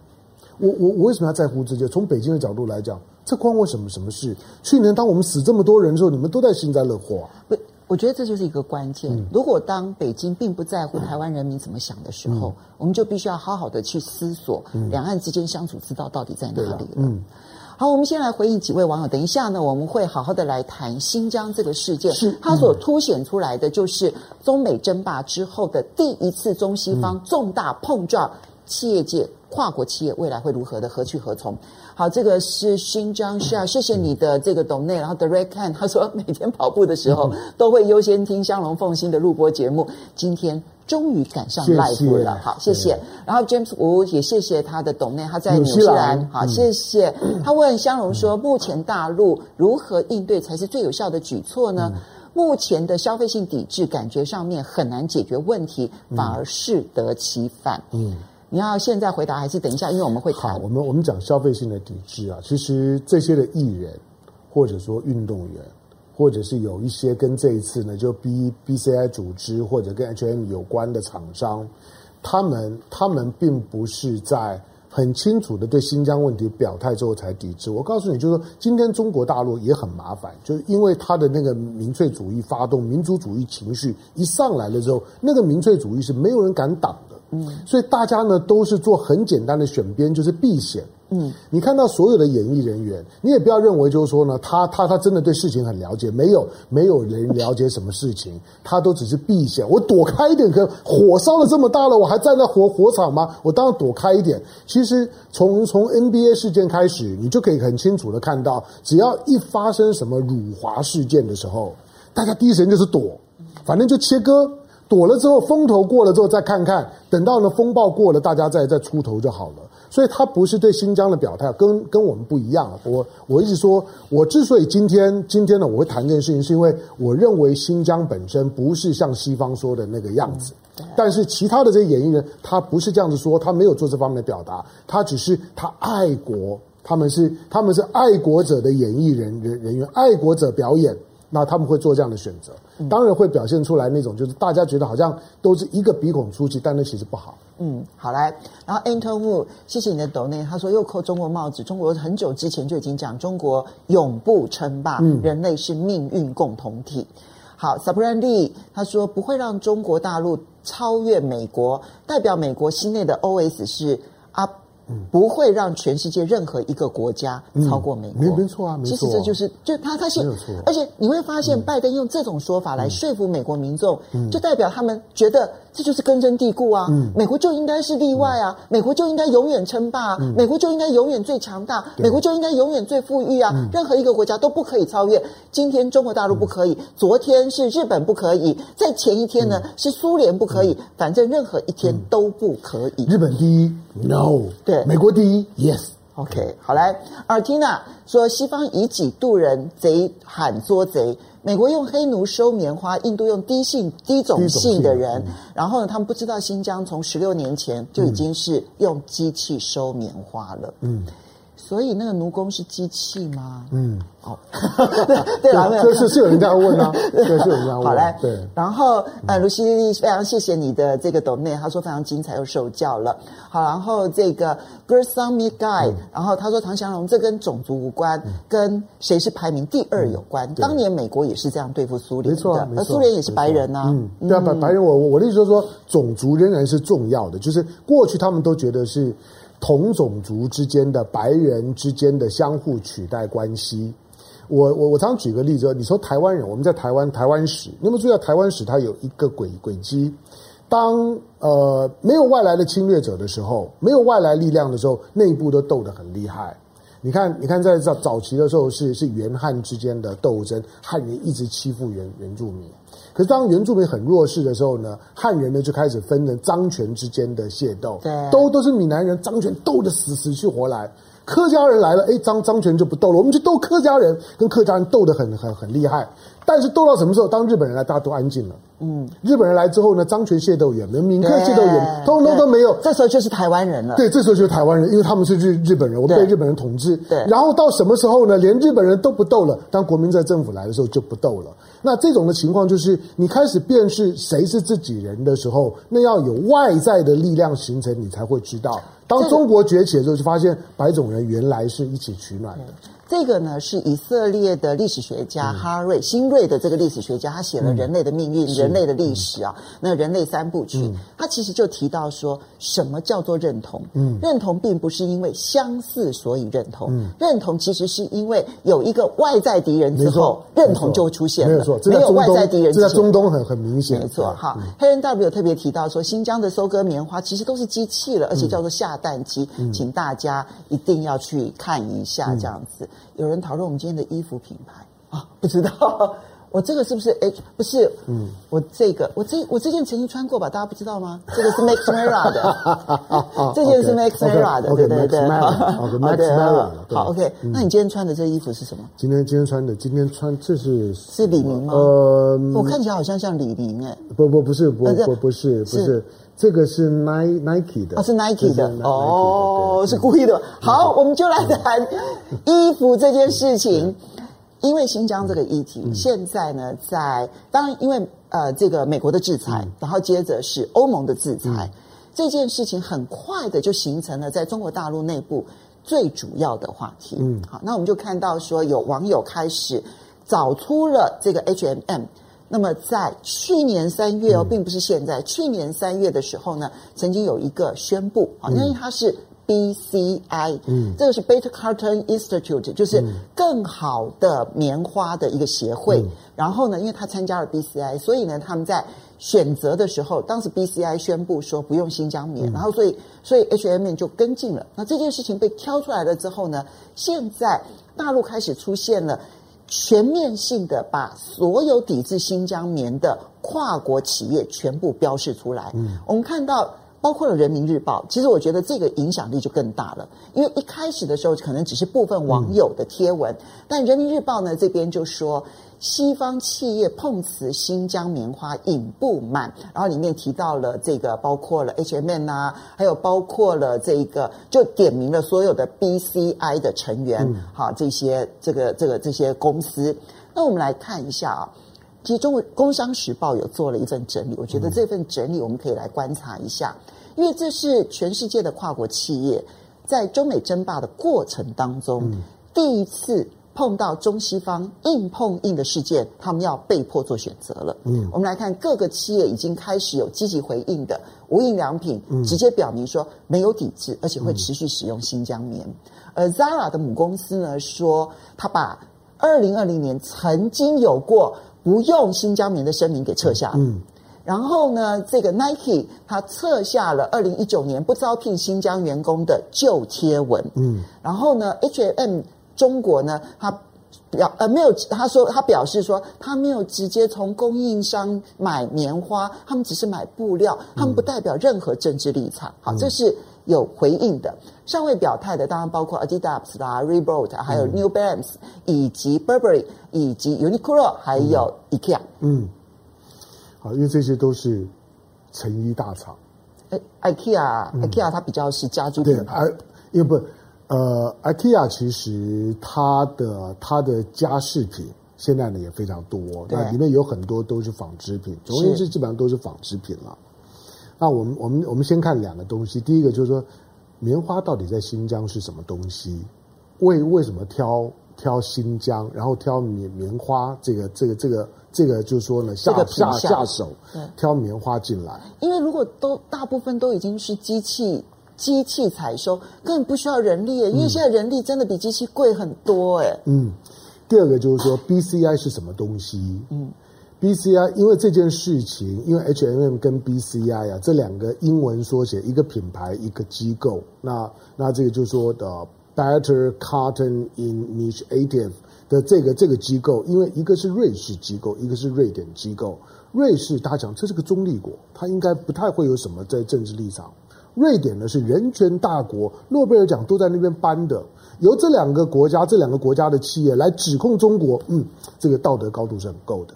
我我我為什麼要在乎這些？從北京的角度來講，這關我什麼什麼事？去年當我們死這麼多人的時候，你們都在幸災樂禍、啊。不，我覺得這就是一個關鍵。嗯、如果當北京並不在乎台灣人民怎麼想的時候，嗯、我們就必須要好好的去思索、嗯、兩岸之間相處之道到底在哪裡了、啊。嗯，好，我們先來回應幾位網友。等一下呢，我們會好好的來談新疆這個事件，它、嗯、所凸顯出來的就是中美爭霸之後的第一次中西方重大碰撞，企業界。跨國企業未來會如何的何去何從？好，這個是新疆要、啊、謝謝你的這個斗內，嗯，然後 The Red Can 他說，每天跑步的時候都會優先聽風向龍鳳配的錄播節目，今天終於趕上 live 了，好，謝謝。謝謝嗯、然後 James Wu 也謝謝他的斗內，他在紐西蘭，嗯、好謝謝、嗯、他問香龍說，嗯、目前大陸如何應對才是最有效的舉措呢？嗯、目前的消費性抵制感覺上面很難解決問題，嗯、反而適得其反，嗯。你要現在回答還是等一下？因為我們會好。我們我們講消費性的抵制啊，其實這些的藝人，或者說運動員，或者是有一些跟這一次呢就 B B C I 組織或者跟 H M 有關的廠商，他們他們並不是在很清楚的對新疆問題表態之後才抵制。我告訴你，就是說今天中國大陸也很麻煩，就是因為他的那個民粹主義發動民族主義情緒一上來了之後，那個民粹主義是沒有人敢擋的。所以大家呢都是做很簡單的選邊，就是避險。嗯，你看到所有的演藝人員，你也不要認為就是說呢，他他他真的對事情很了解，沒有沒有人了解什麼事情，他都只是避險。我躲開一點，可火燒了這麼大了，我還站在火火場嗎？我當然躲開一點。其實從從 NBA 事件開始，你就可以很清楚的看到，只要一發生什麼辱華事件的時候，大家第一時間就是躲，反正就切割。躲了之後，風頭過了之後再看看，等到呢風暴過了，大家再再出頭就好了。所以他不是對新疆的表態，跟跟我們不一樣。我我一直說，我之所以今天今天呢我會談這件事情，是因為我認為新疆本身不是像西方說的那個樣子。嗯，但是其他的這些演藝人，他不是這樣子說，他沒有做這方面的表達，他只是他愛國，他們是他們是愛國者的演藝人人人員，愛國者表演。那他們會做這樣的選擇，當然會表現出來那種，就是大家覺得好像都是一個鼻孔出氣，但那其實不好。嗯，好來然後 Anton Wu 謝謝你的 donate 他說又扣中國帽子。中國很久之前就已經講，中國永不稱霸，人類是命運共同體。嗯、好，surprise，他說不會讓中國大陸超越美國，代表美國心內的 OS 是啊。嗯、不會讓全世界任何一個國家超過美國，嗯、沒，沒錯啊。沒錯啊，其實這就是，啊、就他他是，啊、而且你會發現，拜登用這種說法來說服美國民眾，嗯、就代表他們覺得。這就是根深蒂固啊！美國就應該是例外啊！美國就應該永遠稱霸，美國就應該永遠最強大，美國就應該永遠最富裕啊！任何一個國家都不可以超越。今天中國大陸不可以，昨天是日本不可以，在前一天呢是蘇聯不可以，反正任何一天都不可以。日本第一，no。對，美國第一，yes。OK，好來，爾緹娜說：“西方以己度人，賊喊捉賊。”美國用黑奴收棉花，印度用低性低種姓的人，啊嗯、然後呢，他們不知道新疆從十六年前就已經是用機器收棉花了。嗯。嗯所以那個奴工是機器嗎？嗯，哦，對對，這是是有人在問啊，對，是有人在問。好嘞，對。然後呃，盧西麗非常謝謝你的這個抖內，他說非常精彩，又受教了。好，然後這個 Girlsome Me Guy，然後他說唐湘龍這跟種族無關，跟誰是排名第二有關。當年美國也是這樣對付蘇聯的，而蘇聯也是白人啊。對啊，白白人，我我我的意思說種族仍然是重要的，就是過去他們都覺得是。同種族之間的白人之間的相互取代關係，我我我常舉個例子，你說台灣人，我們在台灣台灣史，那麼注意到台灣史它有一個軌軌跡，當呃，沒有外來的侵略者的時候，沒有外來力量的時候，內部都鬥得很厲害。你看，你看在早早期的時候是是原漢之間的鬥爭，漢人一直欺負原原住民。可是當原住民很弱勢的時候呢，漢人呢就開始分成漳泉之間的械鬥，對，都都是閩南人，漳泉鬥得死死去活來。客家人來了，哎，漳漳泉就不鬥了，我們就鬥客家人，跟客家人鬥得很很很厲害。但是鬥到什麼時候？當日本人來，大家都安靜了。嗯，日本人來之後呢，漳泉械鬥也沒、閩客械鬥也沒，對通通都沒有。這時候就是台灣人了。對，這時候就是台灣人，因為他們是日日本人，我們被日本人統治。對。然後到什麼時候呢？連日本人都不鬥了。當國民在政府來的時候就不鬥了。那這種的情況就是，你開始辨識誰是自己人的時候，那要有外在的力量形成，你才會知道。當中國崛起的時候，就發現白種人原來是一起取暖的。這個呢，是以色列的歷史學家哈瑞、嗯、新瑞的這個歷史學家，他寫了《人類的命運》嗯《人類的歷史》啊，嗯、那《人類三部曲》嗯，他其實就提到說什麼叫做認同？嗯，認同並不是因為相似所以認同，嗯、認同其實是因為有一個外在敵人之後，沒錯、認同就出現了。沒錯沒錯這沒有外在敵人，這在中東很很明顯。沒錯，哈對，好黑人 W 特別提到說，新疆的收割棉花其實都是機器了，嗯、而且叫做下蛋機，嗯、請大家一定要去看一下、嗯、這樣子。有人討論我們今天的衣服品牌、嗯、啊？不知道。我這個是不是？H？不是。嗯，我這個，我這我這件曾經穿過吧？大家不知道嗎？這個是 Max Mara 的，這件是 Max Mara 的，對對對。Max Mara，Max Mara。好，OK。那你今天穿的這衣服是什麼？今天今天穿的，今天穿這是是李寧嗎？呃，我看起來好像像李寧哎，不不不是，不不是不是，這個是 Nike 的，是 Nike 的哦，是故意的。好，我們就來談衣服這件事情。因為新疆這個議題，嗯、現在呢，在當然因為呃這個美國的制裁，嗯、然後接着是歐盟的制裁，嗯、這件事情很快的就形成了在中國大陸內部最主要的話題。嗯，好，那我們就看到說有網友開始找出了這個 H&M。那麼在去年三月哦，嗯、並不是現在，去年三月的時候呢，曾經有一個宣布、嗯、因為它是。B C I，、嗯、這個是 Better Cotton Institute，就是更好的棉花的一個協會。嗯、然後呢，因為他參加了 B C I，所以呢，他們在選擇的時候，當時 B C I 宣布說不用新疆棉，嗯、然後所以所以 H M 棉就跟進了。那這件事情被挑出來了之後呢，現在大陸開始出現了全面性的把所有抵制新疆棉的跨國企業全部標示出來。嗯，我們看到。包括了《人民日報》，其實我覺得這個影響力就更大了，因為一開始的時候可能只是部分網友的貼文，嗯、但《人民日報》呢這邊就說西方企業碰瓷新疆棉花引不滿，然後裡面提到了這個包括了 H M N 啊，還有包括了這個就點名了所有的 B C I 的成員，嗯、好這些這個這個這些公司。那我們來看一下啊、哦，其實中國工商時報有做了一份整理，我覺得這份整理我們可以來觀察一下。嗯因為這是全世界的跨國企業，在中美爭霸的過程當中，第一次碰到中西方硬碰硬的事件，他們要被迫做選擇了。嗯，我們來看各個企業已經開始有積極回應的，無印良品直接表明說沒有抵制，而且會持續使用新疆棉。而 Zara 的母公司呢說，他把二零二零年曾經有過不用新疆棉的聲明給撤下了。嗯。然後呢，這個 Nike 他撤下了二零一九年不招聘新疆員工的舊貼文。嗯。然後呢，H&M 中國呢，他表呃沒有，他說他表示說，他沒有直接從供應商買棉花，他們只是買布料，他們不代表任何政治立場。嗯、好，這是有回應的。尚未表態的，當然包括 Adidas 啦，Reebok，還有 New Balance，以及 Burberry，以及 Uniqlo，、嗯、還有 IKEA。嗯。因為這些都是成衣大廠，哎、欸、IKEA，IKEA、嗯、它比較是家居品牌，對，而因為不，呃，IKEA 其實它的它的家飾品現在呢也非常多，對那裡面有很多都是紡織品，是總而言之基本上都是紡織品了。那我們我們我們先看兩個東西，第一個就是說棉花到底在新疆是什麼東西？為為什麼挑挑新疆，然後挑棉棉花這個這個這個？這個這個這個就是說呢，下下下手對挑棉花進來。因為如果都大部分都已經是機器機器採收，更不需要人力了。嗯、因為現在人力真的比機器貴很多哎、嗯。嗯，第二個就是說，BCI 是什麼東西？嗯唉，BCI，因為這件事情，因為 H&M 跟 BCI 啊這兩個英文縮寫，一個品牌，一個機構。那那這個就是說的 Better Cotton Initiative 的這個這個機構，因為一個是瑞士機構，一個是瑞典機構。瑞士大家講這是個中立國，他應該不太會有什麼在政治立場。瑞典呢是人權大國，諾貝爾獎都在那邊頒的。由這兩個國家、這兩個國家的企業來指控中國，嗯，這個道德高度是很夠的。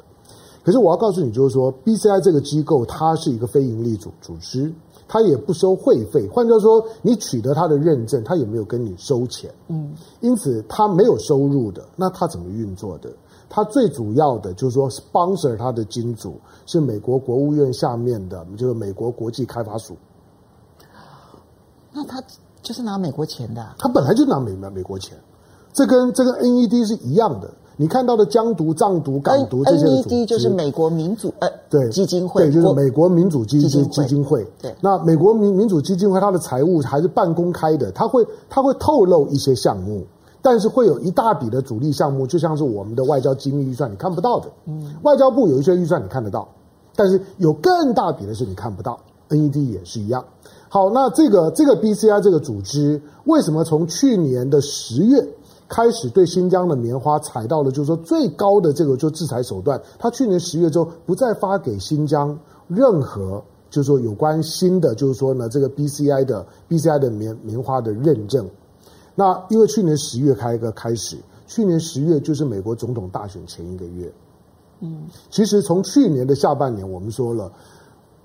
可是我要告訴你，就是說，BCI 這個機構它是一個非營利組組織。他也不收會費，換句話說，你取得他的認證，他也沒有跟你收錢，嗯，因此他沒有收入的，那他怎麼運作的？他最主要的就是說，sponsor 他的金主是美國國務院下面的，就是美國國際開發署。那他就是拿美國錢的、啊，他本來就拿美美美國錢，這跟、嗯、這個 NED 是一樣的。你看到的疆獨、藏獨、港獨這些組織，就是美國民主呃，對，基金會，對，就是美國民主基金基金，基金會。對，那美國民民主基金會它的財務還是半公開的，它會它會透露一些項目，但是會有一大筆的主力項目，就像是我們的外交機密預算你看不到的。嗯，外交部有一些預算你看得到，但是有更大筆的是你看不到。NED 也是一樣。好，那這個這個 BCI 這個組織為什麼從去年的十月？開始對新疆的棉花採到了，就是說最高的這個就制裁手段，他去年十月之後不再發給新疆任何，就是說有關新的，就是說呢這個 BCI 的 BCI 的棉棉花的認證。那因為去年十月開一個開始，去年十月就是美國總統大選前一個月。嗯，其實從去年的下半年，我們說了，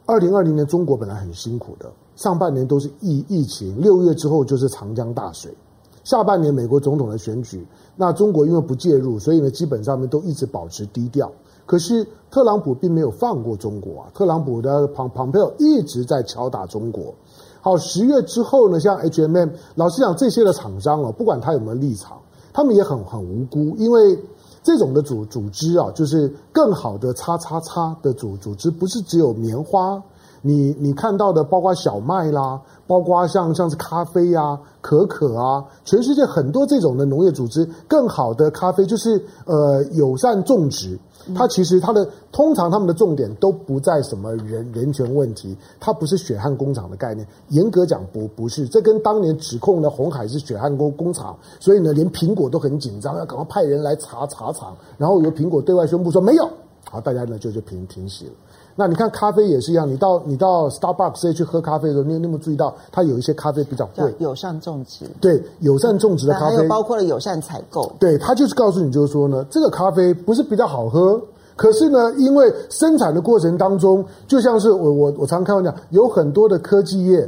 二零二零年中國本來很辛苦的，上半年都是疫疫情，六月之後就是長江大水。下半年美國總統的選舉，那中國因為不介入，所以呢基本上面都一直保持低調。可是特朗普並沒有放過中國啊！特朗普的龐龐佩奧一直在敲打中國。好，十月之後呢，像 H&M，老實講，這些的廠商哦，不管他有沒有立場，他們也很很無辜，因為這種的組組織啊，就是更好的叉叉叉的組組織，不是只有棉花。你你看到的，包括小麥啦，包括像像是咖啡啊、可可啊，全世界很多這種的農業組織，更好的咖啡就是呃友善種植。它其實它的通常他們的重點都不在什麼人人權問題，它不是血汗工廠的概念。嚴格講不不是，這跟當年指控的鴻海是血汗工工廠，所以呢，連蘋果都很緊張，要趕快派人來查查廠，然後由蘋果對外宣布說沒有，好，大家呢就就平平息了。那你看咖啡也是一樣，你到你到 Starbucks 去喝咖啡的時候，你，你有沒有注意到它有一些咖啡比較貴？友善種植，對，友善種植的咖啡，嗯、還有包括了友善採購，對，它就是告訴你，就是說呢，這個咖啡不是比較好喝，可是呢，因為生產的過程當中，就像是我我我常常開玩笑，有很多的科技業，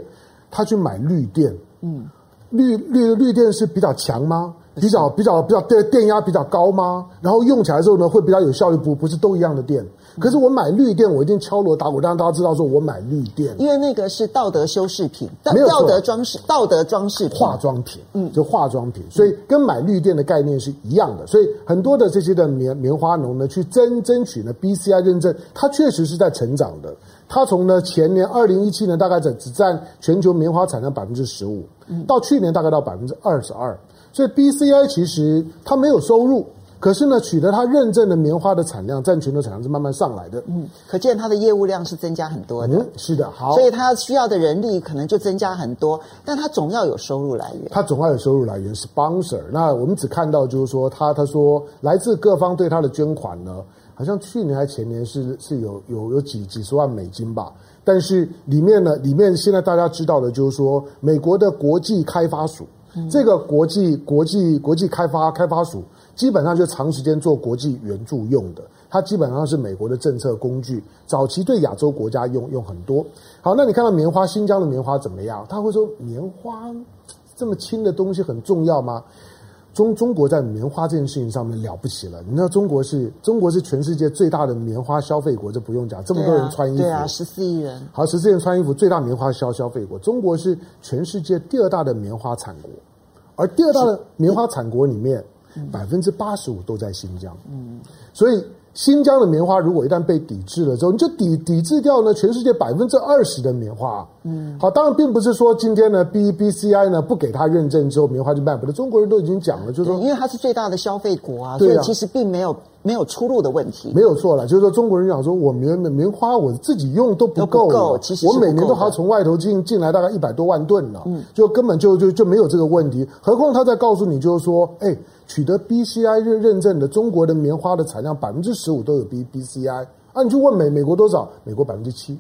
他去買綠電，嗯，綠綠綠電是比較強嗎？比較比較比較電電壓比較高嗎？然後用起來之後呢，會比較有效率不？不是都一樣的電。嗯、可是我買綠電，我一定敲鑼打鼓，我讓大家知道說，我買綠電。因為那個是道德修飾品，但道德裝飾，道德裝飾品，化妝品，嗯，就化妝品。所以，嗯、所以跟買綠電的概念是一樣的。所以很多的這些的棉，嗯、棉花農呢，去爭爭取呢 BCI 認證，它確實是在成長的。它從呢前年二零一七年大概只只占全球棉花產量百分之十五，嗯、到去年大概到百分之二十二。所以 BCI 其實它沒有收入，可是呢，取得它認證的棉花的產量佔全球產量是慢慢上來的。嗯，可見它的業務量是增加很多的。嗯，是的，好，所以它需要的人力可能就增加很多，但它總要有收入來源。它總要有收入來源，sponsor。Sponsor，那我們只看到就是說，他他說來自各方對他的捐款呢，好像去年還是前年是是有有有幾幾十萬美金吧。但是裡面呢，裡面現在大家知道的就是說，美國的國際開發署。這個國際國際國際開發開發署基本上就長時間做國際援助用的，它基本上是美國的政策工具。早期對亞洲國家用用很多。好，那你看到棉花，新疆的棉花怎麼樣？他會說棉花這麼輕的東西很重要嗎？中中國在棉花這件事情上面了不起了，你知道中國是中國是全世界最大的棉花消費國，這不用講，這麼多人穿衣服，對啊、對啊、十四億人，好，十四億人穿衣服，最大棉花消消費國，中國是全世界第二大的棉花產國。而第二大的棉花產國裡面85，百分之八十五都在新疆，所以。新疆的棉花如果一旦被抵制了之後，你就抵抵制掉呢全世界百分之二十的棉花。嗯，好，當然並不是說今天呢 BBCI 呢不給他認證之後棉花就賣不了。中國人都已經講了，就是、說因為它是最大的消費國啊，對啊，所以其實並沒有沒有出路的問題。沒有錯了，就是說中國人講說，我棉棉花我自己用都不夠，我每年都還要從外頭進進來大概一百多萬噸呢，嗯、就根本就就就沒有這個問題。何況他在告訴你就是說，哎、欸。取得 BCI 認認證的中國的棉花的產量，百分之十五都有 B BCI，那、啊、你去問美美國多少？美國百分之七，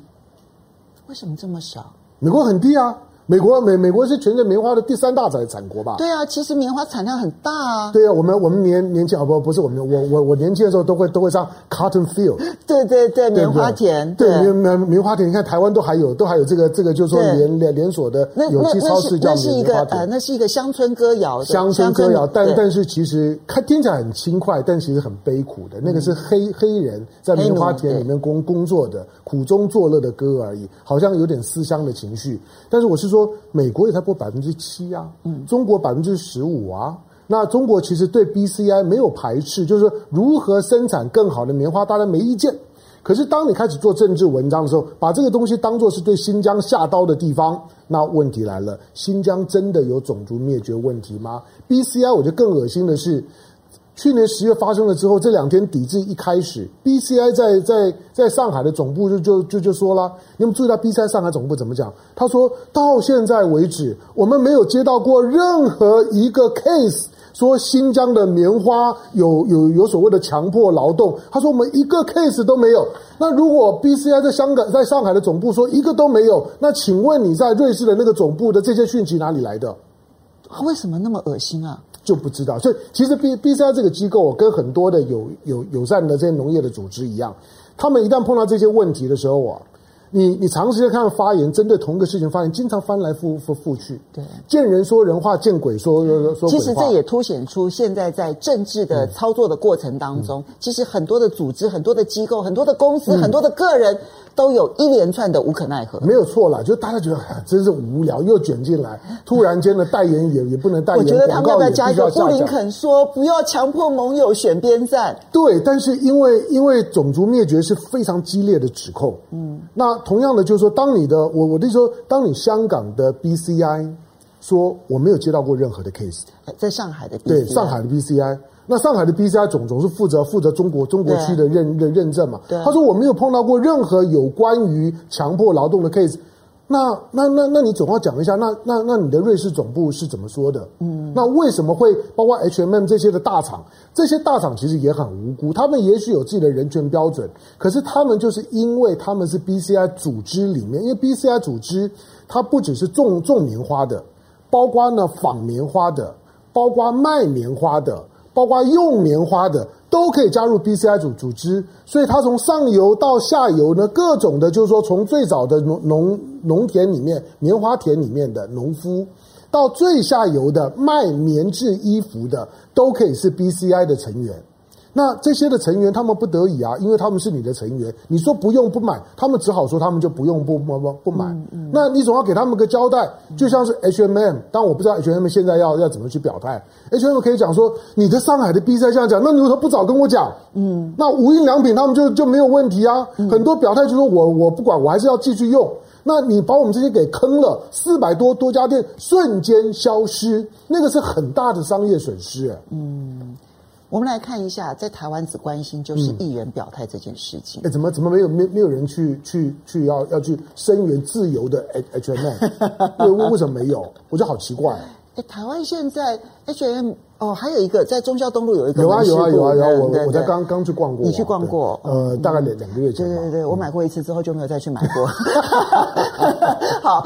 為什麼這麼少？美國很低啊。美國美美國是全球棉花的第三大產產國吧？對啊，其實棉花產量很大啊。對啊，我們我們年年輕啊不不是我們我我我年輕的時候都會都會上 cotton field。對對對棉花田，對棉棉棉花田，你看台灣都還有都還有這個這個，就是說連連連鎖的有機超市叫棉花田。那是一個呃，那是一個鄉村歌謠。鄉村歌謠，但但是其實聽起來很輕快，但其實很悲苦的。那個是黑黑人在棉花田裡面工工作的苦中作樂的歌而已，好像有點思鄉的情緒。但是我是說。說美國也才過百分之七啊，嗯，中國百分之十五啊。那中國其實對 BCI 沒有排斥，就是說如何生產更好的棉花，大家沒意見。可是當你開始做政治文章的時候，把這個東西當作是對新疆下刀的地方，那問題來了：新疆真的有種族滅絕問題嗎？BCI，我覺得更惡心的是。去年十月發生了之後，這兩天抵制一開始，BCI 在在在上海的總部就就就就說了，你們注意到 BCI 上海總部怎麼講？他說到現在為止，我們沒有接到過任何一個 case，說新疆的棉花有有有有所謂的強迫勞動。他說我們一個 case 都沒有。那如果 BCI 在香港，在上海的總部說一個都沒有，那請問你在瑞士的那個總部的這些訊息哪裡來的？他為什麼那麼噁心啊？就不知道，所以其實 B B C I 這個機構、啊、跟很多的有有友善的這些農業的組織一樣，他們一旦碰到這些問題的時候啊。你你長時間看發言，針對同一個事情發言，經常翻來覆覆覆去，對，見人說人話，見鬼說說、嗯。其實這也凸顯出現在在政治的操作的過程當中，嗯、其實很多的組織、很多的機構、很多的公司、嗯、很多的個人，都有一連串的無可奈何。嗯、沒有錯啦，就大家覺得哎呀真是無聊，又捲進來，突然間的代言也 也不能代言。我覺得他們要不要加一個布林肯說不要強迫盟友選邊站。對，但是因為因為種族滅絕是非常激烈的指控，嗯，那。同樣的，就是說，當你的我我的意思說，當你香港的 BCI 說我沒有接到過任何的 case，在上海的 BCI。對上海的 BCI，那上海的 BCI 總總是負責負責中國中國區的認認、啊、認證嘛？他說我沒有碰到過任何有關於強迫勞動的 case。那那那那你總要講一下，那那那你的瑞士總部是怎麼說的？嗯，那為什麼會包括 HMM 這些的大廠？這些大廠其實也很無辜，他們也許有自己的人權標準，可是他們就是因為他們是 BCI 組織裡面，因為 BCI 組織它不只是種種棉花的，包括呢紡棉花的，包括賣棉花的。包括用棉花的都可以加入 BCI 組組織，所以他從上游到下游呢，各種的，就是說從最早的農農農田裡面棉花田裡面的農夫，到最下游的賣棉質衣服的，都可以是 BCI 的成員。那這些的成員，他們不得已啊，因為他們是你的成員，你說不用不買，他們只好說他們就不用不不不不買。嗯嗯、那你總要給他們個交代，就像是 H&M，m、嗯、但我不知道 H&M、MM、現在要要怎麼去表態。嗯、H&M、MM、可以講說你的上海的 B 站這樣講，那你如果不早跟我講？嗯，那無印良品他們就就沒有問題啊，嗯、很多表態就說我我不管，我還是要繼續用。那你把我們這些給坑了四百多多家店，瞬間消失，那個是很大的商業損失、欸。嗯。我們來看一下，在台灣只關心就是議員表態這件事情。哎、嗯欸，怎麼怎麼沒有沒有沒有人去去去要要去聲援自由的 H H M？ 為為什麼沒有？我覺得好奇怪、欸。哎、欸，台灣現在 H M 哦，還有一個在忠孝東路有一個有、啊。有啊有啊有啊有啊！我對對對，我在剛剛去逛過、啊。你去逛過？對嗯、呃，大概兩兩個月前。對對對對，嗯、我買過一次之後就沒有再去買過。 好。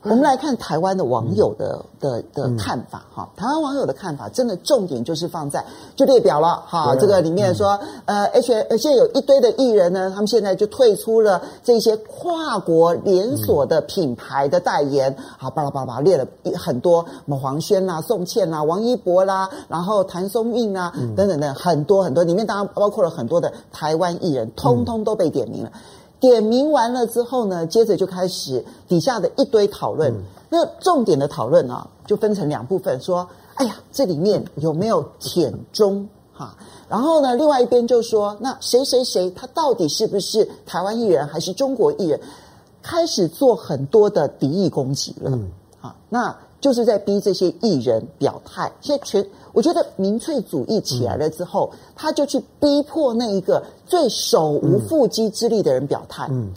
嗯、我們來看台灣的網友的、嗯、的的看法哈，嗯嗯、台灣網友的看法真的重點就是放在就列表了哈，好了這個裡面說、嗯、呃，而且而且有一堆的藝人呢，他們現在就退出了這些跨國連鎖的品牌的代言，嗯、好巴拉巴拉巴列了很多，什麼黃軒啦、宋茜啦、王一博啦，然後譚松韻啦，嗯、等等的很多很多，裡面當然包括了很多的台灣藝人，通通都被點名了。嗯嗯點名完了之後呢，接着就開始底下的一堆討論。嗯、那重點的討論啊，就分成兩部分，說：哎呀，這裡面有沒有舔中哈？然後呢，另外一邊就說：那誰誰誰，他到底是不是台灣藝人還是中國藝人？開始做很多的敵意攻擊了。嗯、那就是在逼這些藝人表態。現在全。我覺得民粹主義起來了之後，嗯、他就去逼迫那一個最手無縛雞之力的人表態。嗯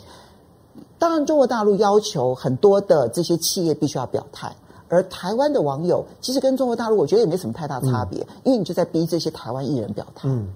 嗯、當然，中國大陸要求很多的這些企業必須要表態，而台灣的網友其實跟中國大陸我覺得也沒什麼太大差別，嗯、因為你就在逼這些台灣藝人表態。嗯嗯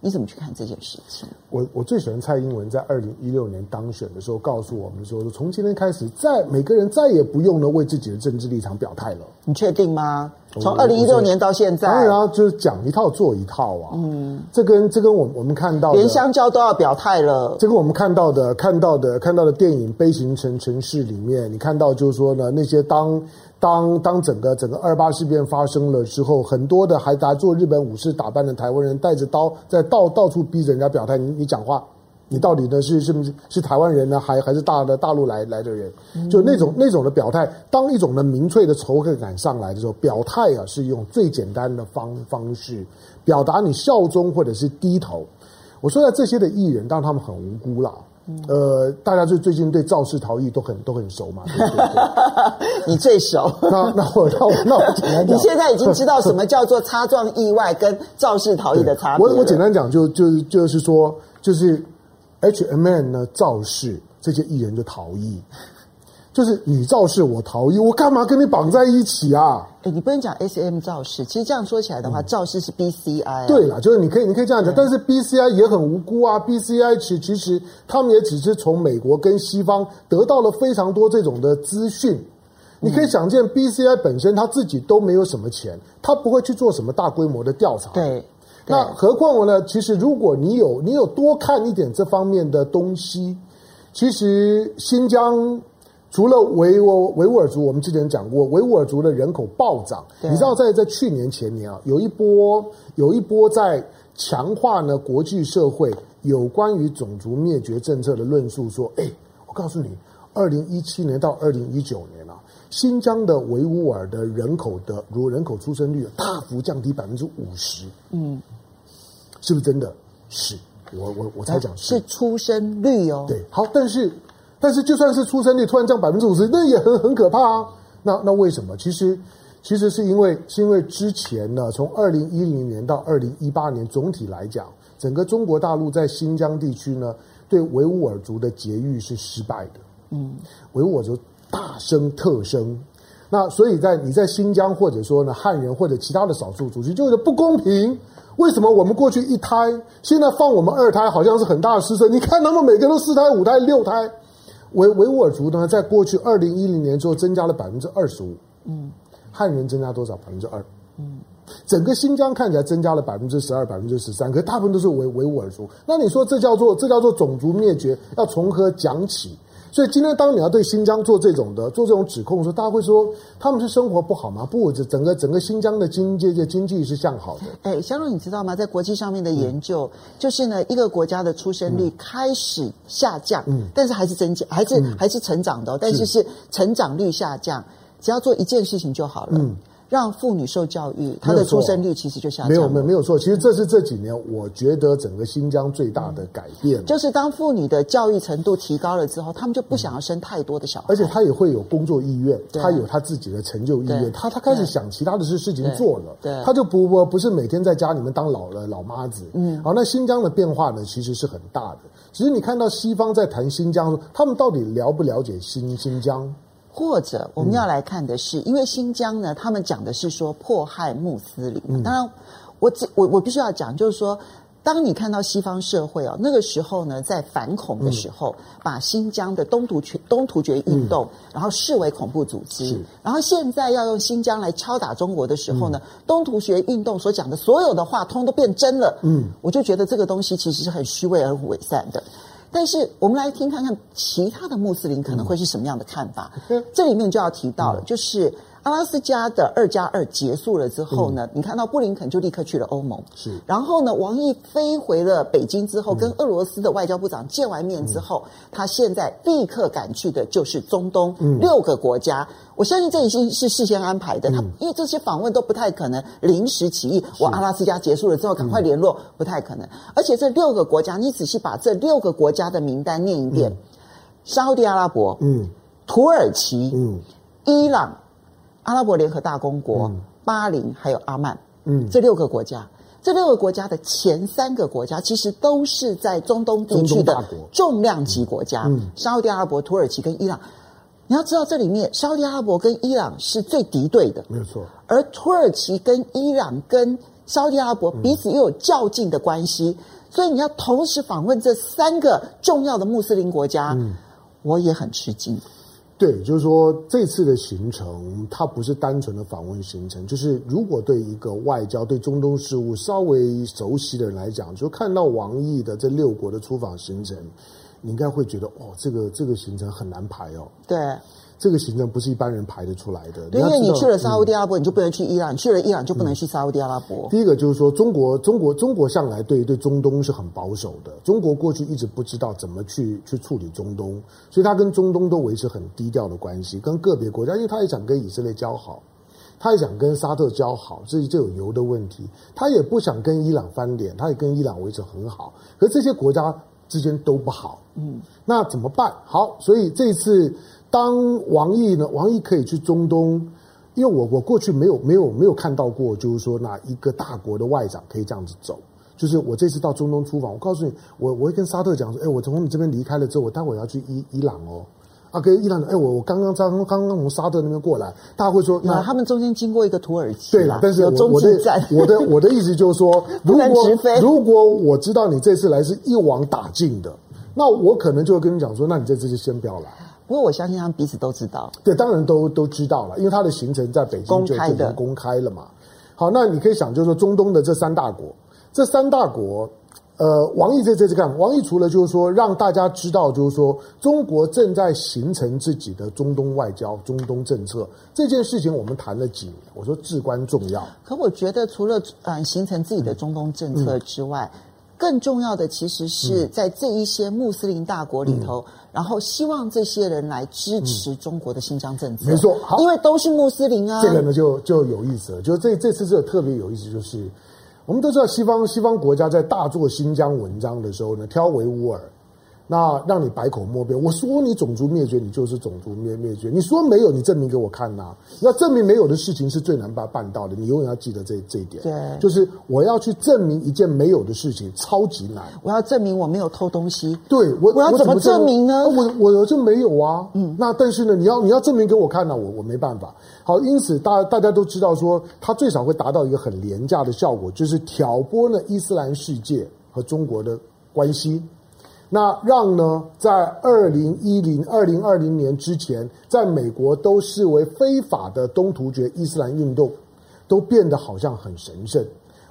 你怎麼去看這件事情？我我最喜歡蔡英文在二零一六年當選的時候告訴我們的說，從今天開始再，在每個人再也不用呢為自己的政治立場表態了。你確定嗎？從二零一六年到現在，當然啊，就是講一套做一套啊。嗯這，這跟這跟我我們看到的連香蕉都要表態了。這個我們看到的，看到的，看到的電影《悲情城城市》裡面，你看到就是說呢，那些當。當當整個整個二八事變發生了之後，很多的還在做日本武士打扮的台灣人，帶着刀在到到處逼着人家表態，你你講話，你到底呢是是不是是台灣人呢，還還是大的大陸來來的人？就那種那種的表態，當一種呢，民粹的仇恨感上來的時候，表態啊是用最簡單的方方式表達你效忠或者是低頭。我說的這些的藝人，當然他們很無辜了。呃，大家最最近對肇事逃逸都很都很熟嘛，對不對？ 你最熟 那，那那我那我，你現在已經知道什麼叫做擦撞意外跟肇事逃逸的差別？我我簡單講就，就就是、就是說，就是 H M、MM、N 呢，肇事這些藝人就逃逸。就是你肇事，我逃逸，我幹嘛跟你綁在一起啊？哎，你不能講 S M 肇事，其實這樣說起來的話，肇事、嗯、是 B C I、啊。對啦，就是你可以，你可以這樣講，嗯、但是 B C I 也很無辜啊。B C I 其實其實他們也只是從美國跟西方得到了非常多這種的資訊。嗯、你可以想見，B C I 本身他自己都沒有什麼錢，他不會去做什麼大規模的調查。對，對那何況我呢？其實如果你有，你有多看一點這方面的東西，其實新疆。除了維吾維吾爾族，我們之前講過，維吾爾族的人口暴漲。對你知道在，在在去年前年啊，有一波有一波在強化呢國際社會有關於種族滅絕政策的論述，說，哎，我告訴你，二零一七年到二零一九年啊，新疆的維吾爾的人口的如人口出生率大幅降低百分之五十。嗯，是不是真的？是，我我我才講是，是出生率哦。對，好，但是。但是就算是出生率突然降百分之五十，那也很很可怕啊！那那為什麼？其實其實是因為是因為之前呢，從二零一零年到二零一八年，總體來講，整個中國大陸在新疆地區呢，對維吾爾族的劫獄是失敗的。嗯，維吾爾族大生特生，那所以在你在新疆或者說呢漢人或者其他的少數族群，就是不公平。為什麼我們過去一胎，現在放我們二胎好像是很大的失策？你看他們每個人都四胎五胎六胎。維維吾爾族呢，在過去二零一零年之後增加了百分之二十五，嗯，漢人增加多少？百分之二，嗯，整個新疆看起來增加了百分之十二、百分之十三，可大部分都是維維吾爾族。那你說這叫做這叫做種族滅絕，要從何講起？所以今天，當你要對新疆做這種的、做這種指控的時候，大家會說他們是生活不好嗎？不，整個整個新疆的經濟、經濟是向好的。哎，香露，你知道嗎？在國際上面的研究，嗯、就是呢，一個國家的出生率開始下降，嗯、但是還是增加，還是、嗯、還是成長的、哦，但是是成長率下降。是只要做一件事情就好了。嗯讓婦女受教育，她的出生率其實就下降了沒。沒有沒有，沒有錯，其實這是這幾年、嗯、我覺得整個新疆最大的改變，就是當婦女的教育程度提高了之後，他們就不想要生太多的小孩。嗯、而且她也會有工作意願，她對有她自己的成就意願，她她開始想其他的事事情做了，她就不不不是每天在家裡面當老了老媽子。嗯，好，那新疆的變化呢，其實是很大的。其實你看到西方在談新疆的時候，他們到底了不了解新新疆？或者我們要來看的是，因為新疆呢，他們講的是說迫害穆斯林啊。當然，我只我我必須要講，就是說，當你看到西方社會哦，那個時候呢，在反恐的時候，把新疆的東突厥東突厥運動然後視為恐怖組織，然後現在要用新疆來敲打中國的時候呢，東突厥運動所講的所有的話，通都變真了。嗯，我就覺得這個東西其實是很虛偽而偽善的。但是，我們來聽看看其他的穆斯林可能會是什麼樣的看法。嗯，這裡面就要提到了，嗯，就是。阿拉斯加的二加二結束了之後呢，你看到布林肯就立刻去了歐盟，是。然後呢，王毅飛回了北京之後，跟俄羅斯的外交部長見完面之後，他現在立刻趕去的就是中東六個國家。我相信這已經是事先安排的，他因為這些訪問都不太可能臨時起意。我阿拉斯加結束了之後趕快聯絡，不太可能。而且這六個國家，你仔細把這六個國家的名單念一遍：沙烏地阿拉伯、嗯，土耳其、嗯，伊朗。阿拉伯聯合大公國、嗯、巴林還有阿曼，嗯，這六個國家，這六個國家的前三個國家其實都是在中東地區的重量級國家。中東大國，嗯嗯、沙烏地阿拉伯、土耳其跟伊朗，你要知道，這裡面沙烏地阿拉伯跟伊朗是最敵對的，沒錯。而土耳其跟伊朗跟沙烏地阿拉伯彼此又有較勁的關係，嗯、所以你要同時訪問這三個重要的穆斯林國家，嗯、我也很吃驚。對，就是說這次的行程，它不是單純的訪問行程。就是如果對一個外交、對中東事務稍微熟悉的人來講，就看到王毅的這六國的出訪行程，你應該會覺得，哦，這個這個行程很難排哦。對。這個行程不是一般人排得出來的。對，因為你去了沙烏地阿拉伯、嗯、你就不能去伊朗，去了伊朗，就不能去沙烏地阿拉伯、嗯。第一個就是說，中國，中國，中國向來對對中東是很保守的。中國過去一直不知道怎麼去去處理中東，所以他跟中東都維持很低調的關係，跟個別國家，因為他也想跟以色列交好，他也想跟沙特交好，這就有油的問題，他也不想跟伊朗翻臉，他也跟伊朗維持很好。可是這些國家之間都不好，嗯，那怎麼辦？好，所以這一次。當王毅呢，王毅可以去中東，因為我我過去沒有沒有沒有看到過，就是說哪一個大國的外長可以這樣子走。就是我這次到中東出訪，我告訴你，我我會跟沙特講說，哎、欸，我從你這邊離開了之後，我待會兒要去伊伊朗哦。啊，跟伊朗，哎、欸，我我剛剛剛剛剛從沙特那邊過來，大家會說，那他們中間經過一個土耳其啦，對了，但是有中繼站。我的我的，我的意思就是說， 不能直飛。如果。如果我知道你這次來是一網打盡的，那我可能就會跟你講說，那你這次就先不要來。不過我相信他們彼此都知道。對，當然都都知道了，因為他的行程在北京就已經公開了嘛。好，那你可以想，就是說中東的這三大國，這三大國，呃，王毅在這次幹，王毅除了就是說讓大家知道，就是說中國正在形成自己的中東外交、中東政策這件事情，我們談了幾年，我說至關重要。可我覺得，除了呃形成自己的中東政策之外，嗯嗯更重要的其實是在這一些穆斯林大國裡頭，嗯、然後希望這些人來支持中國的新疆政策。嗯、沒錯，因為都是穆斯林啊。這個呢就就有意思了，就是這這次這個特別有意思，就是我們都知道西方西方國家在大做新疆文章的時候呢，挑維吾爾。那讓你百口莫辯。我說你種族滅絕，你就是種族滅滅絕。你說沒有，你證明給我看吶、啊？要證明沒有的事情是最難辦辦到的。你永遠要記得這這一點，對，就是我要去證明一件沒有的事情，超級難。我要證明我沒有偷東西。對，我我要怎麼證明呢？我我就沒有啊。嗯，那但是呢，你要你要證明給我看呢、啊，我我沒辦法。好，因此大家大家都知道說，它最少會達到一個很廉價的效果，就是挑撥了伊斯蘭世界和中國的關係。那讓呢，在二零一零、二零二零年之前，在美國都視為非法的東突厥伊斯蘭運動，都變得好像很神聖。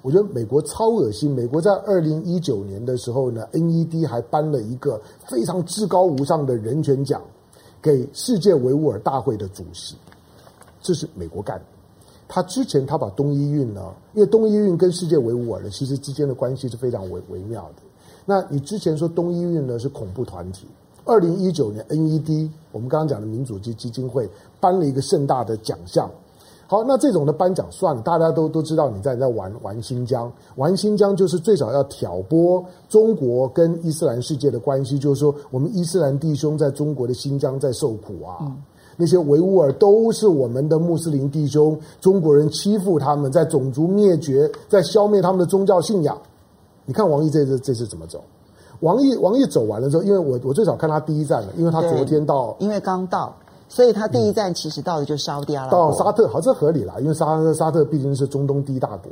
我覺得美國超噁心。美國在二零一九年的時候呢，NED 還頒了一個非常至高無上的人權獎給世界維吾爾大會的主席，這是美國幹的。他之前他把東伊運呢，因為東伊運跟世界維吾爾呢，其實之間的關係是非常微微妙的。那你之前說東伊運呢是恐怖團體？二零一九年 NED，我們剛剛講的民主基基金會頒了一個盛大的獎項。好，那這種的頒獎算了，大家都都知道你在你在玩玩新疆，玩新疆就是最少要挑撥中國跟伊斯蘭世界的關係，就是說我們伊斯蘭弟兄在中國的新疆在受苦啊，嗯、那些維吾爾都是我們的穆斯林弟兄，中國人欺負他們，在種族滅絕，在消滅他們的宗教信仰。你看王毅這次這次怎麼走？王毅王毅走完了之後，因為我我最早看他第一站了，因為他昨天到，因為剛到，所以他第一站其實到的就是沙特阿拉伯。到沙特，好，這合理啦，因為沙沙特畢竟是中東第一大國。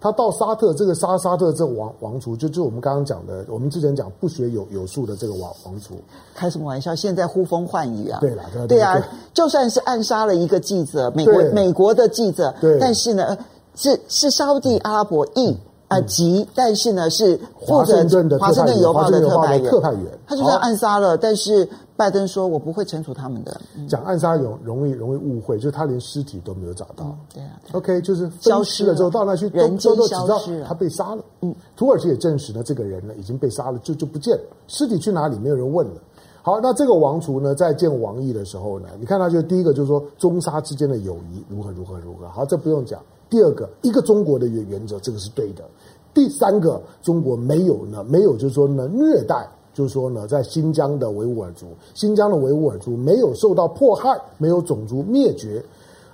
他到沙特這個沙沙特這個王王族，就就我們剛剛講的，我們之前講不學有有術的這個王王族。開什麼玩笑？現在呼風喚雨啊！對啦，就是、對啊，就算是暗殺了一個記者，美國對美國的記者，對但是呢，是是沙地阿拉伯裔。嗯嗯急，但是呢是的華盛頓的特派員，華盛頓郵報的特派員，員他就算暗殺了，好但是拜登說我不會懲處他們的。講暗殺容容易容易誤會，就是他連屍體都沒有找到。嗯、對啊。對 OK，就是分屍消失了之後到那去，人間都知道他被殺了。嗯，土耳其也證實呢，這個人呢已經被殺了，就就不見屍體去哪裡，沒有人問了。好，那這個王儲呢在見王毅的時候呢，你看他就第一個就是說中沙之間的友誼如何如何如何，好，這不用講。第二個，一個中國的原原則，這個是對的。第三個，中國沒有呢，沒有，就是說呢，虐待，就是說呢，在新疆的維吾爾族，新疆的維吾爾族沒有受到迫害，沒有種族滅絕。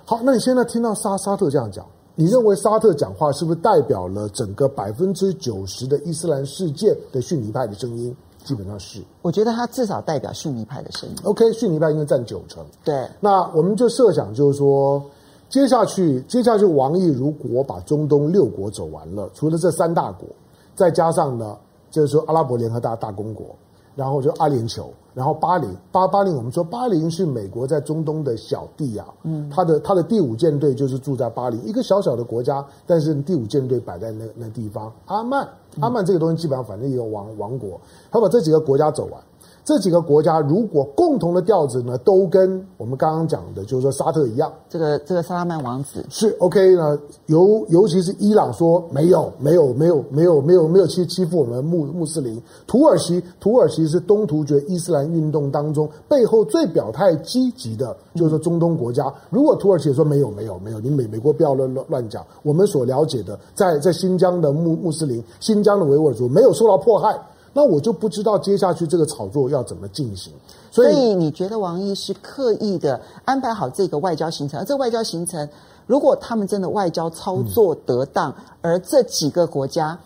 好，那你現在聽到沙沙特這樣講，你認為沙特講話是不是代表了整個百分之九十的伊斯蘭世界的遜尼派的聲音？基本上是，我覺得他至少代表遜尼派的聲音。OK，遜尼派應該佔九成。對，那我們就設想，就是說。接下去，接下去，王毅如果把中東六國走完了，除了這三大國，再加上呢，就是說阿拉伯聯合大大公國，然後就阿聯酋，然後巴林，巴巴林，我們說巴林是美國在中東的小弟啊，嗯，他的他的第五艦隊就是住在巴林，一個小小的國家，但是第五艦隊擺在那那地方，阿曼，阿曼這個東西基本上反正也有王王國，他把這幾個國家走完。這幾個國家如果共同的調子呢，都跟我們剛剛講的，就是說沙特一樣。這個這個薩拉曼王子是 OK 呢？尤尤其是伊朗說沒有沒有沒有沒有沒有沒有欺欺負我們穆穆斯林。土耳其土耳其是東突厥伊斯蘭運動當中背後最表態積極的，就是說中東國家。嗯、如果土耳其也說沒有沒有沒有，你美美國不要亂亂亂講。我們所了解的，在在新疆的穆穆斯林、新疆的維吾爾族沒有受到迫害。那我就不知道接下去這個炒作要怎麼進行。所以，所以你覺得王毅是刻意的安排好這個外交行程？而這個外交行程，如果他們真的外交操作得當，嗯、而這幾個國家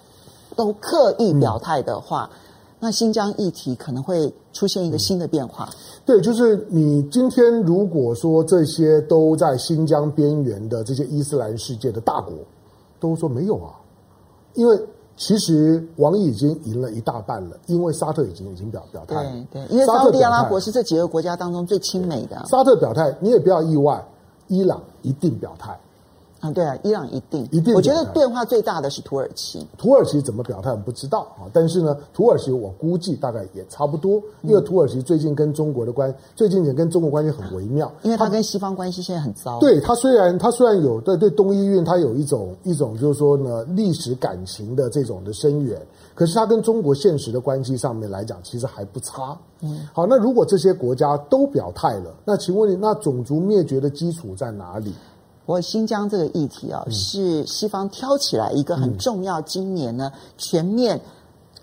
都刻意表態的話，嗯、那新疆議題可能會出現一個新的變化，嗯。對，就是你今天如果說這些都在新疆邊緣的這些伊斯蘭世界的大國都說沒有啊，因為。其實，王毅已經贏了一大半了，因為沙特已經已經表表態了。對對，因為沙特阿拉伯是這幾個國家當中最親美的。沙特表態，你也不要意外，伊朗一定表態。對啊，伊朗一定，一定。我覺得變化最大的是土耳其。土耳其怎麼表態我不知道啊，但是呢，土耳其我估計大概也差不多，嗯、因為土耳其最近跟中國的關，最近也跟中國關係很微妙，啊、因為它跟西方關係現在很糟。它對它雖然它雖然有對對東伊運，它有一種一種就是說呢歷史感情的這種的深遠，可是它跟中國現實的關係上面來講，其實還不差。嗯，好，那如果這些國家都表態了，那請問你那種族滅絕的基礎在哪裡？我新疆這個議題啊、哦，嗯、是西方挑起來一個很重要，今年呢，嗯、全面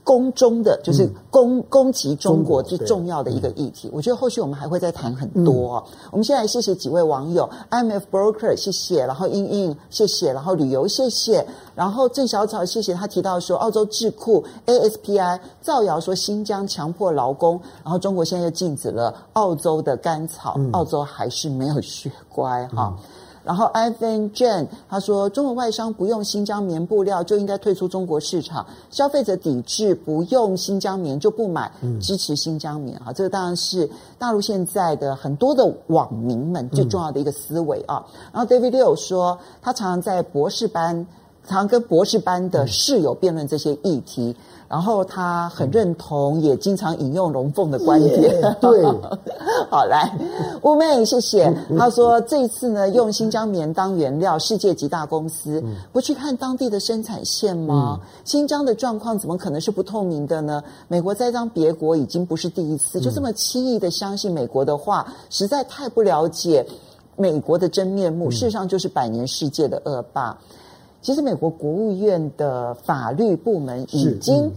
攻中的、嗯、就是攻攻擊中國最重要的一個議題。我覺得後續我們還會再談很多。嗯、我們先來謝謝幾位網友，MF Broker 謝謝，然後英英謝謝，然後旅遊謝謝，然後鄭小草謝謝。他提到說，澳洲智庫 ASPI 造謠說新疆強迫勞工，然後中國現在又禁止了澳洲的甘草，嗯、澳洲還是沒有學乖哈。嗯哦然後 Ivan Jen 他說，中國外商不用新疆棉布料就應該退出中國市場，消費者抵制不用新疆棉就不買，支持新疆棉啊，這個當然是大陸現在的很多的網民們最重要的一個思維啊。然後 David Liu 說，他常常在博士班。常跟博士班的室友辯論這些議題，然後他很認同，也經常引用龍鳳的觀點。對，好來，五妹，謝謝。他說這一次呢，用新疆棉當原料，世界級大公司不去看當地的生產線嗎？新疆的狀況怎麼可能是不透明的呢？美國栽贓別國已經不是第一次，就這麼輕易的相信美國的話，實在太不了解美國的真面目。事實上，就是百年世界的惡霸。其實美國國務院的法律部門已經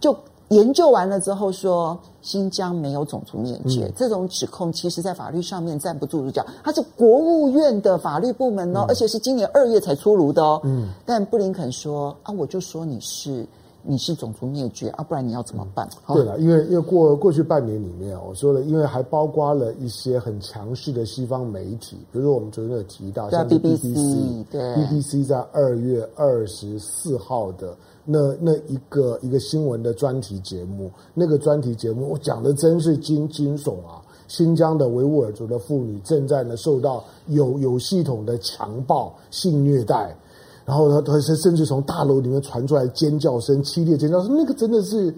就研究完了之後說，新疆沒有種族滅絕這種指控，其實，在法律上面站不住腳。它是國務院的法律部門哦、喔，而且是今年二月才出爐的哦、喔。但布林肯說啊，我就說你是。你是種族滅絕啊？不然你要怎麼辦？嗯、對了，因為因為過過去半年裡面我說了，因為還包括了一些很強勢的西方媒體，比如說我們昨天有提到，啊、像 BBC，BBC 對 BBC 在二月二十四號的那那一個一個新聞的專題節目，那個專題節目我講的真是驚驚悚啊！新疆的維吾爾族的婦女正在呢受到有有系統的強暴性虐待。然後他他甚甚至從大樓裡面傳出來尖叫聲、淒厲尖叫聲，那個真的是，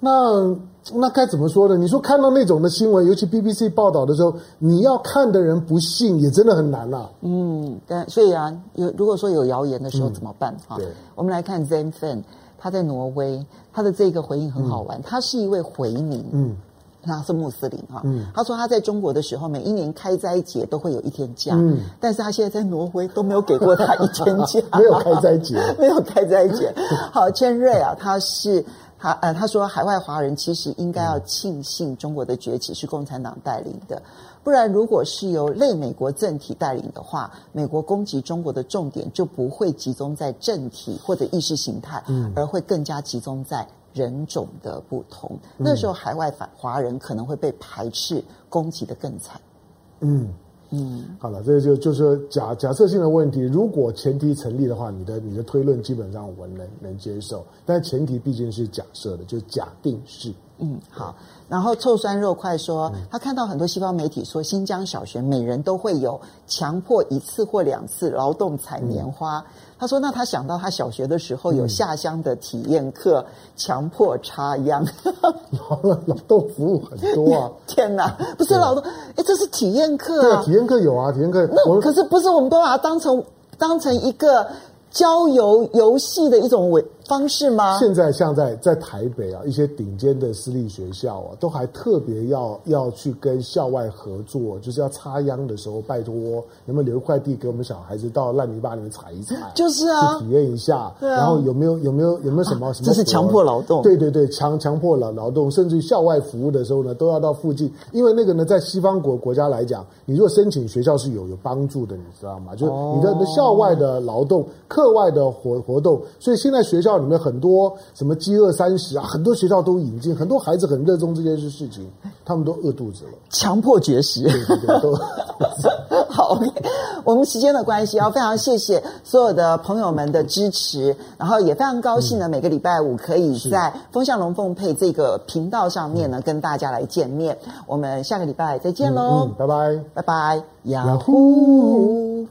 那那該怎麼說呢？你說看到那種的新聞，尤其 BBC 報道的時候，你要看的人不信也真的很難了，啊。嗯，對，所以啊，有如果說有謠言的時候怎麼辦？哈、嗯，對，我們來看 Zen Fan，他在挪威，他的這個回應很好玩，嗯、他是一位回民。嗯。他是穆斯林哈、啊，嗯、他說他在中國的時候，每一年開齋節都會有一天假，嗯、但是他現在在挪威都沒有給過他一天假， 沒有開齋節， 沒有開齋節。好， 千瑞啊，他是他呃，他說海外華人其實應該要慶幸中國的崛起是共產黨帶領的，嗯、不然如果是由類美國政體帶領的話，美國攻擊中國的重點就不會集中在政體或者意識形態，嗯、而會更加集中在。人種的不同，那時候海外反華人可能會被排斥、攻擊得更慘。嗯嗯，嗯好了，這個就就是假假設性的問題，如果前提成立的話，你的你的推論基本上我們能能接受，但前提畢竟是假設的，就假定是嗯好。然後臭酸肉塊說，他看到很多西方媒體說、嗯、新疆小學每人都會有強迫一次或兩次勞動採棉花。嗯他說：“那他想到他小學的時候有下鄉的體驗課，強迫插秧。嗯”老了，勞動服務很多啊！天哪，不是勞動哎對，這是體驗課啊對！體驗課有啊，體驗課。那我可是不是我們都把它當成當成一個郊遊遊戲的一種為？方式嗎？現在像在在台北啊，一些頂尖的私立學校啊，都還特別要要去跟校外合作，就是要插秧的時候拜託、哦，能不能留一塊地給我們小孩子到爛泥巴裡面踩一踩？就是啊，去體驗一下。對、啊、然後有沒有有沒有有沒有什麼、啊、什麼？這是強迫勞動。對對對，強強迫勞勞動，甚至於校外服務的時候呢，都要到附近，因為那個呢，在西方國國家來講，你如果申請學校是有有幫助的，你知道嗎？就你的、哦、校外的勞動、課外的活活動，所以現在學校。裡面很多什麼飢餓三十啊，很多學校都引進，很多孩子很熱衷這件事事情，他們都餓肚子了，強迫絕食。都 好、okay，我們時間的關係，要非常謝謝所有的朋友們的支持，嗯、然後也非常高興呢、嗯、每個禮拜五可以在風向龍鳳配這個頻道上面呢是跟大家來見面，我們下個禮拜再見嘍、嗯嗯，拜拜拜拜，yahoo。呀呼